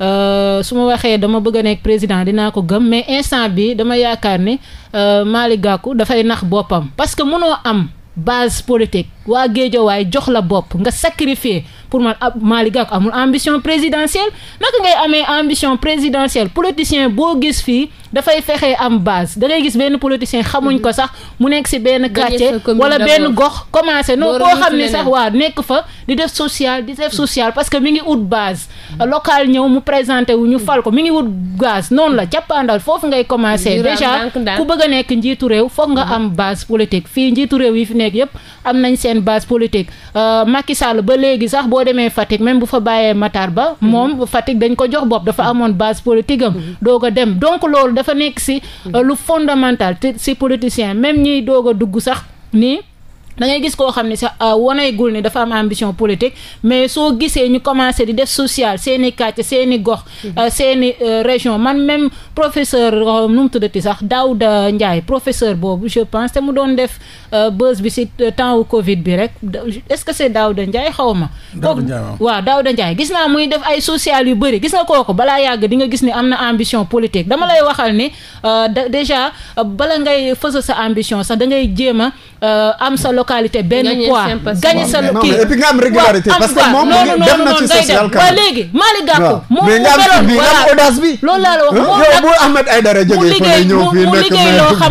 S4: euh, su ma waxee dama bëgg a président dinaa ko gëm mais instant bi dama yaakaar ni euh, Malick Gakou dafay nax boppam parce que mënoo am base politique waa Géejawaay jox la bopp nga sacrifier pour ma ab Malick Gakou amul ambition présidentielle naka ngay amee ambition présidentielle politicien boo gis fii dafay fexe am base da ngay gis benn politicien xamuñ ko sax mu nekk si benn quartier wala benn gox commencé non koo xam ne sax waa nekk fa di def social di def social parce que mi ngi ut base local ñëw mu présenter wu ñu fal ko mi ngi wut gaz noonu la jàppandal foofu ngay commencé déjà ku bëgg a nekk njiitu réew foog nga am base politique fii njiitu réew yi fi nekk yépp am nañ seen base politique euh, Macky Sall ba léegi sax boo demee Fatick même bu fa bàyyee Matar Ba moom Fatick dañ ko jox bopp dafa amoon base politique am mm-hmm. dem dafa nekk si euh, lu fondamental te si politicien même ñiy doog a dugg sax nii da ngay gis koo xam ne sax euh, waneegul ni dafa am ambition politique mais soo gisee ñu commencé di def social seeni i kàcc seen gox. Mhm. Euh, seen i euh, région man même professeur nu mu tuddati sax Daouda Ndiaye professeur boobu je pense te mu doon def buzz bi si temps Covid bi rek est-ce que c'est Daouda Ndiaye xaw ma. Daouda Ndiaye waaw Daouda Ndiaye gis naa muy def ay social yu bëri gis nga kooku balaa yàgg di nga gis ni am na ambition politique dama lay waxal ni déjà bala ngay fësa sa ambition sax da jéem a am sa localité benn poids. gagné sa kii non mais et puis nga am régularité. parce que moom dem na ci social kan. waaw léegi Malick Gakou. moom nga am audace bi. loolu laa la wax moom nag bu Ahmed Aïdara jógee fa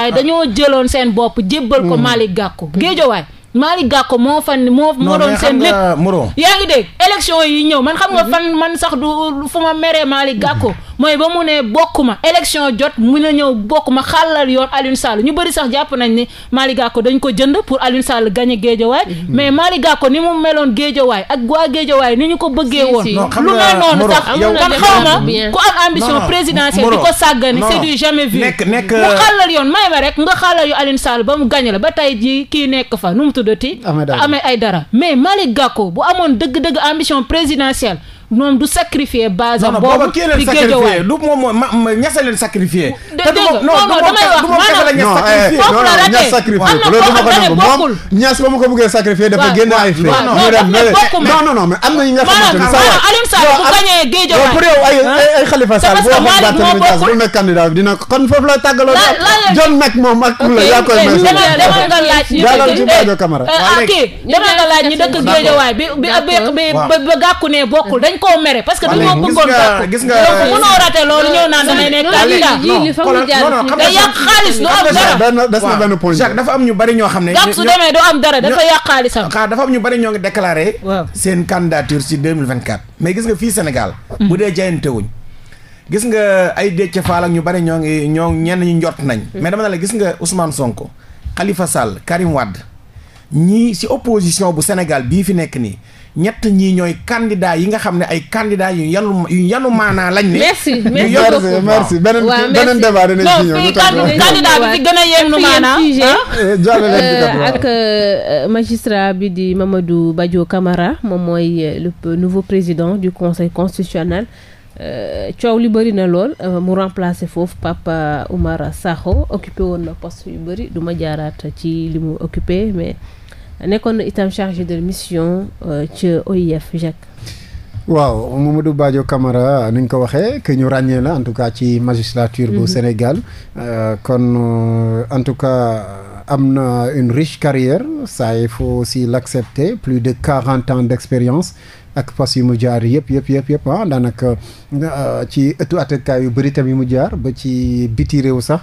S4: lay ah. jëloon seen bopp jébbal ko Malick Gakou géejowaay. Malick Gakou moo fan moo moo seen lépp yaa ngi dégg élection yi ñëw man xam nga hmm. fan man sax du fu ma meree Malick Gakou hmm. mooy ba mu ne bokkuma élection jot mu ne ñëw bokkuma xàllal yoon Alioune Sall ñu bëri sax jàpp nañ ni Malick Gakou dañ ko jënd pour Alioune Sall gagné Guédiawaye mm-hmm. mais Malick Gakou ni mu meloon Guédiawaye ak waa Guédiawaye ni ñu ko bëggee woon lu mel noonu sax kon xaw ma ku am ambition présidentielle di ko sàggane euh, yoon may ma rek nga xàllal yu Alioune Sall ba mu gagné la ba tey jii kii nekk fa nu mu tudd ti amee ay dara mais Malick Gakou bu amoon dëgg-dëgg ambition présidentielle moom du sacrifier base am boobu di géejawaay
S3: du moom moo ma ñasa leen sacrifier te du moom non damay
S4: wax maanaam eh, foofu la ratee am na boo xam ne
S1: bokkul
S2: ñas ba mu ko bëggee sacrifier dafa génn ay fee non daf ne bokkul non non non mais am na ñi nga xamante ni saa waay Alioune Sall bu gañee géejawaay pour yow ay ay Khalifa Sall boo xam ne Barthélémy bu nekk candidat bi dina kon foofu la tàggaloo John Mac moom ak la yaa koy mais demal nga laaj ñu dëkk ci Badio Camara eh, ah
S4: kii demal nga laaj ñu dëkk géejawaay bi bi ba gàkku ne bokkul dañ koo mere parce que dañoo bëggoon bokk gis nga donc mënoo rate loolu ñëw naan damay nekk candidat da yàq xaalis doo am
S3: dara dafa am ñu bari ñoo xam ne Jacques su demee doo am dara dafa yàq xaalisam xaar dafa am ñu bari ñoo ngi déclaré seen candidature ci 2024 mais gis nga fii Sénégal hmm. bu dee jayante wuñ gis nga ay Déthié Fall ak ñu bari ñoo ngi ñoo ñenn ñu njot nañ hmm. mais dama ne la gis nga Ousmane Sonko Khalifa Sall Karim Wade ñii si opposition bu Sénégal bii fi nekk nii ñett ñii ñooy candidat yi nga xam ne ay candidat yu yanu yu yanu maanaa lañ ne. merci merci beaucoup merci beneen beneen débat dinañ ci ñëw. ñu
S1: candidat bi ci gën a yenu eh, ah. eh, euh, ak euh, magistrat bi di Mamadou Badio Camara moom mooy euh, le nouveau président du conseil constitutionnel. coow li bëri na lool mu remplacer foofu Papa Oumar Sakho occupé woon na post yu bëri du ma jaaraat ci li mu occupé mais nekkoon na itam chargé de mission euh, ci OIF Jacques.
S2: waaw Mamadou Badio Camara ni nga ko waxee que ñu ràññee la en tout cas ci magistrature bu mhm. Sénégal euh, kon euh, en tout cas. am na une riche carrière ça il faut aussi l'accepter plus de quarante ans d'expérience ak fas yu mu jaar yëpp yëpp yëpp yëpp ah daanaka ah, ci ëttu attekaay yu bëri tam yu mu jaar ba ci biti réew sax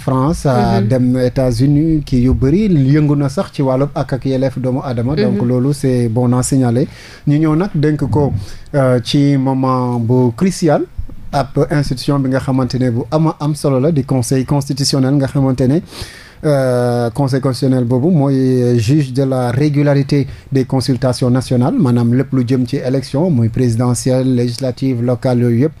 S2: France mhm. dem États-Unis kii yu bëri yëngu na sax ci wàllub ak ak yelleef doomu aadama mhm. donc loolu c'est bon à signaler ñu ñëw nag dénk ko euh, ci moment bu crucial ab institution bi nga xamante ne bu ama am solo la di conseil constitutionnel nga xamante ne Euh, conseil constitutionnel boobu mooy juge de la régularité des consultations nationales maanaam lépp lu jëm ci élection muy présidentielle législative locale yooyu yëpp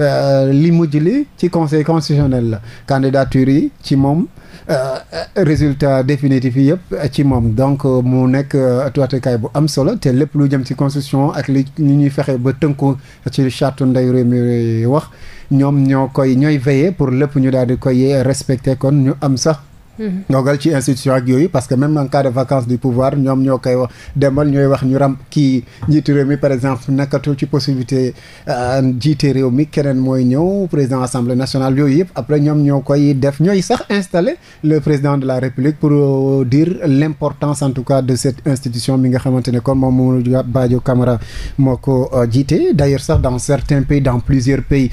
S2: euh, li mujj li ci conseil constitutionnel la candidature yi ci moom euh, résultat définitif yi yëpp ci moom donc mu nekk tuwaatekaay bu am solo te lépp lu jëm ci constitution ak li ñu ñuy fexe ba tënku ci charte ndeyu réew mi wax ñoom ñoo koy ñooy veiller pour lépp ñu daal di koy respecte kon ñu am sax Mhm. ndogal ci institution ak yooyu parce que même en cas de vacance du pouvoir ñoom ñoo koy demal ñooy wax ñu ramp kii njiitu réew mi par exemple nekkatu ci possibilité euh, jiite réew mi keneen mooy ñëw président assemblée nationale yooyu yëpp après ñoom ñoo koy def ñooy sax installer le président de la république pour euh, dire l'importance en tout cas de cette institution mi nga xamante ne comme moom Mamadou Badio Camara moo ko euh, jiite d'ailleurs sax dans certains pays dans plusieurs pays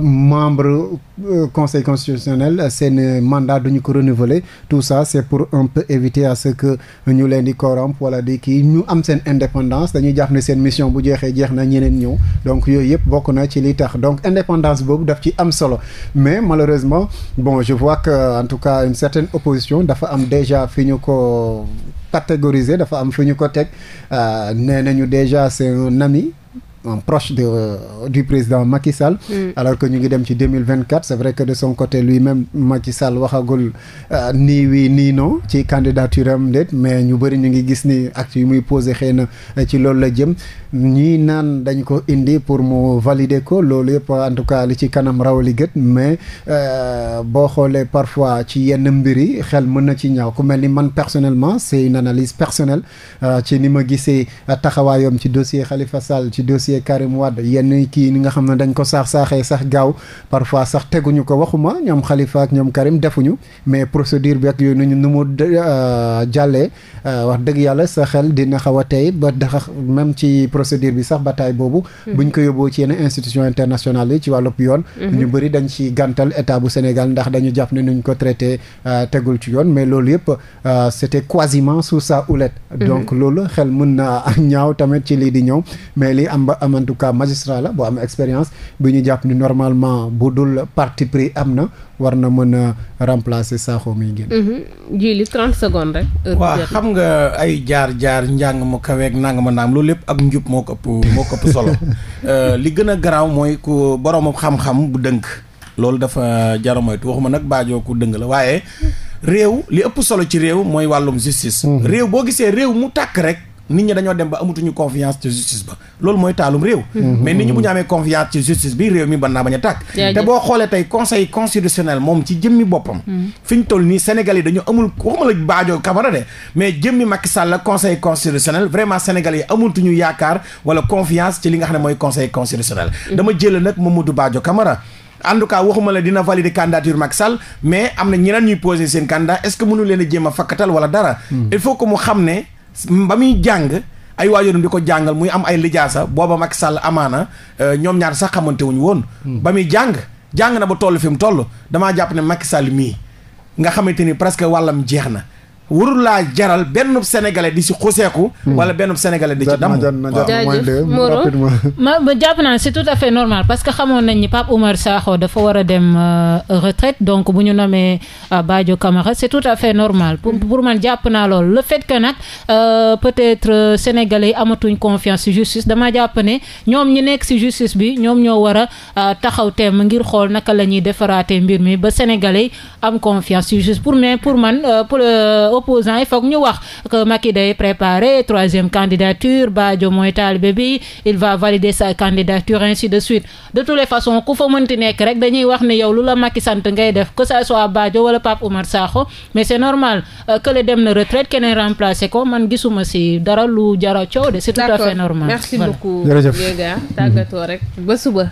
S2: membres conseil constitutionnel seen mandat duñu ko renouveler tout ça c'est pour un peu éviter à ce que ñu leen di corrompre wala di kii ñu am seen indépendance dañuy jàpp ne seen mission bu jeexee jeex na ñeneen ñëw donc yooyu yëpp bokk na ci li tax donc indépendance boobu daf ci am solo mais malheureusement bon je vois que en tout cas une certaine opposition dafa am déjà fi ñu ko catégoriser dafa am fi ñu ko teg euh, nee nañu déjà c'est un un proche de euh, du président Macky Sall. Mm. alors que ñu ngi dem ci 2024 c'est vrai que de son côté lui-même Macky Sall waxagul euh, nii wii nii non ci candidature am déet mais ñu bëri ñu ngi gis ni acte yu muy posé xëy na euh, ci loolu la jëm. ñii naan dañ ko indi pour mu valider ko loolu yëpp en tout cas li ci kanam raw li gët mais euh, boo xoolee parfois ci yenn mbir yi xel mën na ci ñaw ku mel ni man personnellement c'est une analyse euh, ci ni ma gisee taxawaay taxawaayam ci dossier xalifa Sall ci dossier Karim Wade yenn kii ni nga xam ne dañ ko saax saaxee sax gaaw parfois sax teguñu ko waxuma ñoom xalifa ak ñoom Karim defuñu mais procédure bi ak yooyu nu mu euh, jàllee wax dëgg yàlla sa xel dina procédure bi sax bataille boobu mhm. buñ ko yóbboo ci yenn institution internationale yi ci wàllub yoon mhm. ñu bëri dañ ci gàntal état bu Sénégal ndax dañu jàpp ne nuñ ko traité euh, tegul ci yoon mais loolu yëpp euh, c'était quasiment sous sa houlette mhm. donc loolu xel mën na *laughs* ñaaw tamit ci lii di ñëw mais lii am am en magistrat la boo am expérience bu ñu jàpp ni normalement bu dul parti pris am na war na mën a remplacer Sakho muy génn.
S1: Mhm. ji rek. waaw xam nga ay
S3: jaar jaar njàng mu kaweeg nang ma naam loolu lépp ak njub moo ko ëpp moo ko ëpp solo *laughs* euh, li gën a garaaw mooy ku boroomam xam-xam bu dënk loolu dafa jar a moytu waxuma nag baajoo ko dëng la waaye réew li ëpp solo ci réew mooy wàllum justice. Mhm. réew boo gisee réew mu tàkk rek. nit ñi dañoo dem ba amatuñu confiance ci justice ba loolu mooy taalum réew mhm. mais nit ñi bu ñu amee confiance ci justice bi réew mi ban naa bañ a tàkk te boo xoolee tey conseil constitutionnel moom ci jëmmi boppam mhm. fi ñu toll nii sénégalais yi dañu amul waxuma la baajoo kamara de mais jëmmi Macky Sall la conseil constitutionnel vraiment sénégalais yi amatuñu yaakaar wala confiance ci li nga xam ne mooy conseil constitutionnel mhm. dama jël nag Mamadou Badio Camara en tout cas waxuma la dina valider candidature Macky Sall mais am na ñeneen ñuy poser seen candidat est-ce que leen a jéem a fakkatal wala dara il faut que mu xam ne ba muy jàng ay waajuram di ko jàngal muy am ay lijaasa booba Macky Sall amaana euh, ñoom ñaar sax xamantewuñu wuñu woon. Hmm. ba muy jàng jàng na ba toll fi mu toll damaa jàpp ne Macky Sall mii nga xamante ni presque wàllam jeex na. warul laa jaral benn sénégalais di si xuseeku. Hmm. wala benn sénégalais di
S4: ci *laughs* tout à fait normal parce que xamoon nañ ni Pape Oumar a dem euh, donc bu ñu nommee euh, Badio Camara c'est tout à fait normal pour hmm. pour man jàpp naa loolu le fait que nag euh, peut-être sénégalais yi amatuñ confiance ci justice dama jàpp ne ñoom ñi nekk ci justice bi ñoom ñoo war taxaw temm ngir xool naka la ñuy defaraatee mbir mi ba sénégalais am confiance ci justice pour mais pour man opposants yi foog ñu wax que Macky day préparer troisième candidature Badio mooy taalibe bi il va valider candidature ainsi de suite de toutes les façons ku fa mënti nekk rek dañuy wax ne yow lu la Macky sant ngay def que ça soit Badio wala Pape Oumar Sakho mais c'est normal euh, que le dem na retraite keneen remplacé ko man gisuma si dara lu jara coow de c'est tout à fait normal. merci beaucoup Yega tàggatoo rek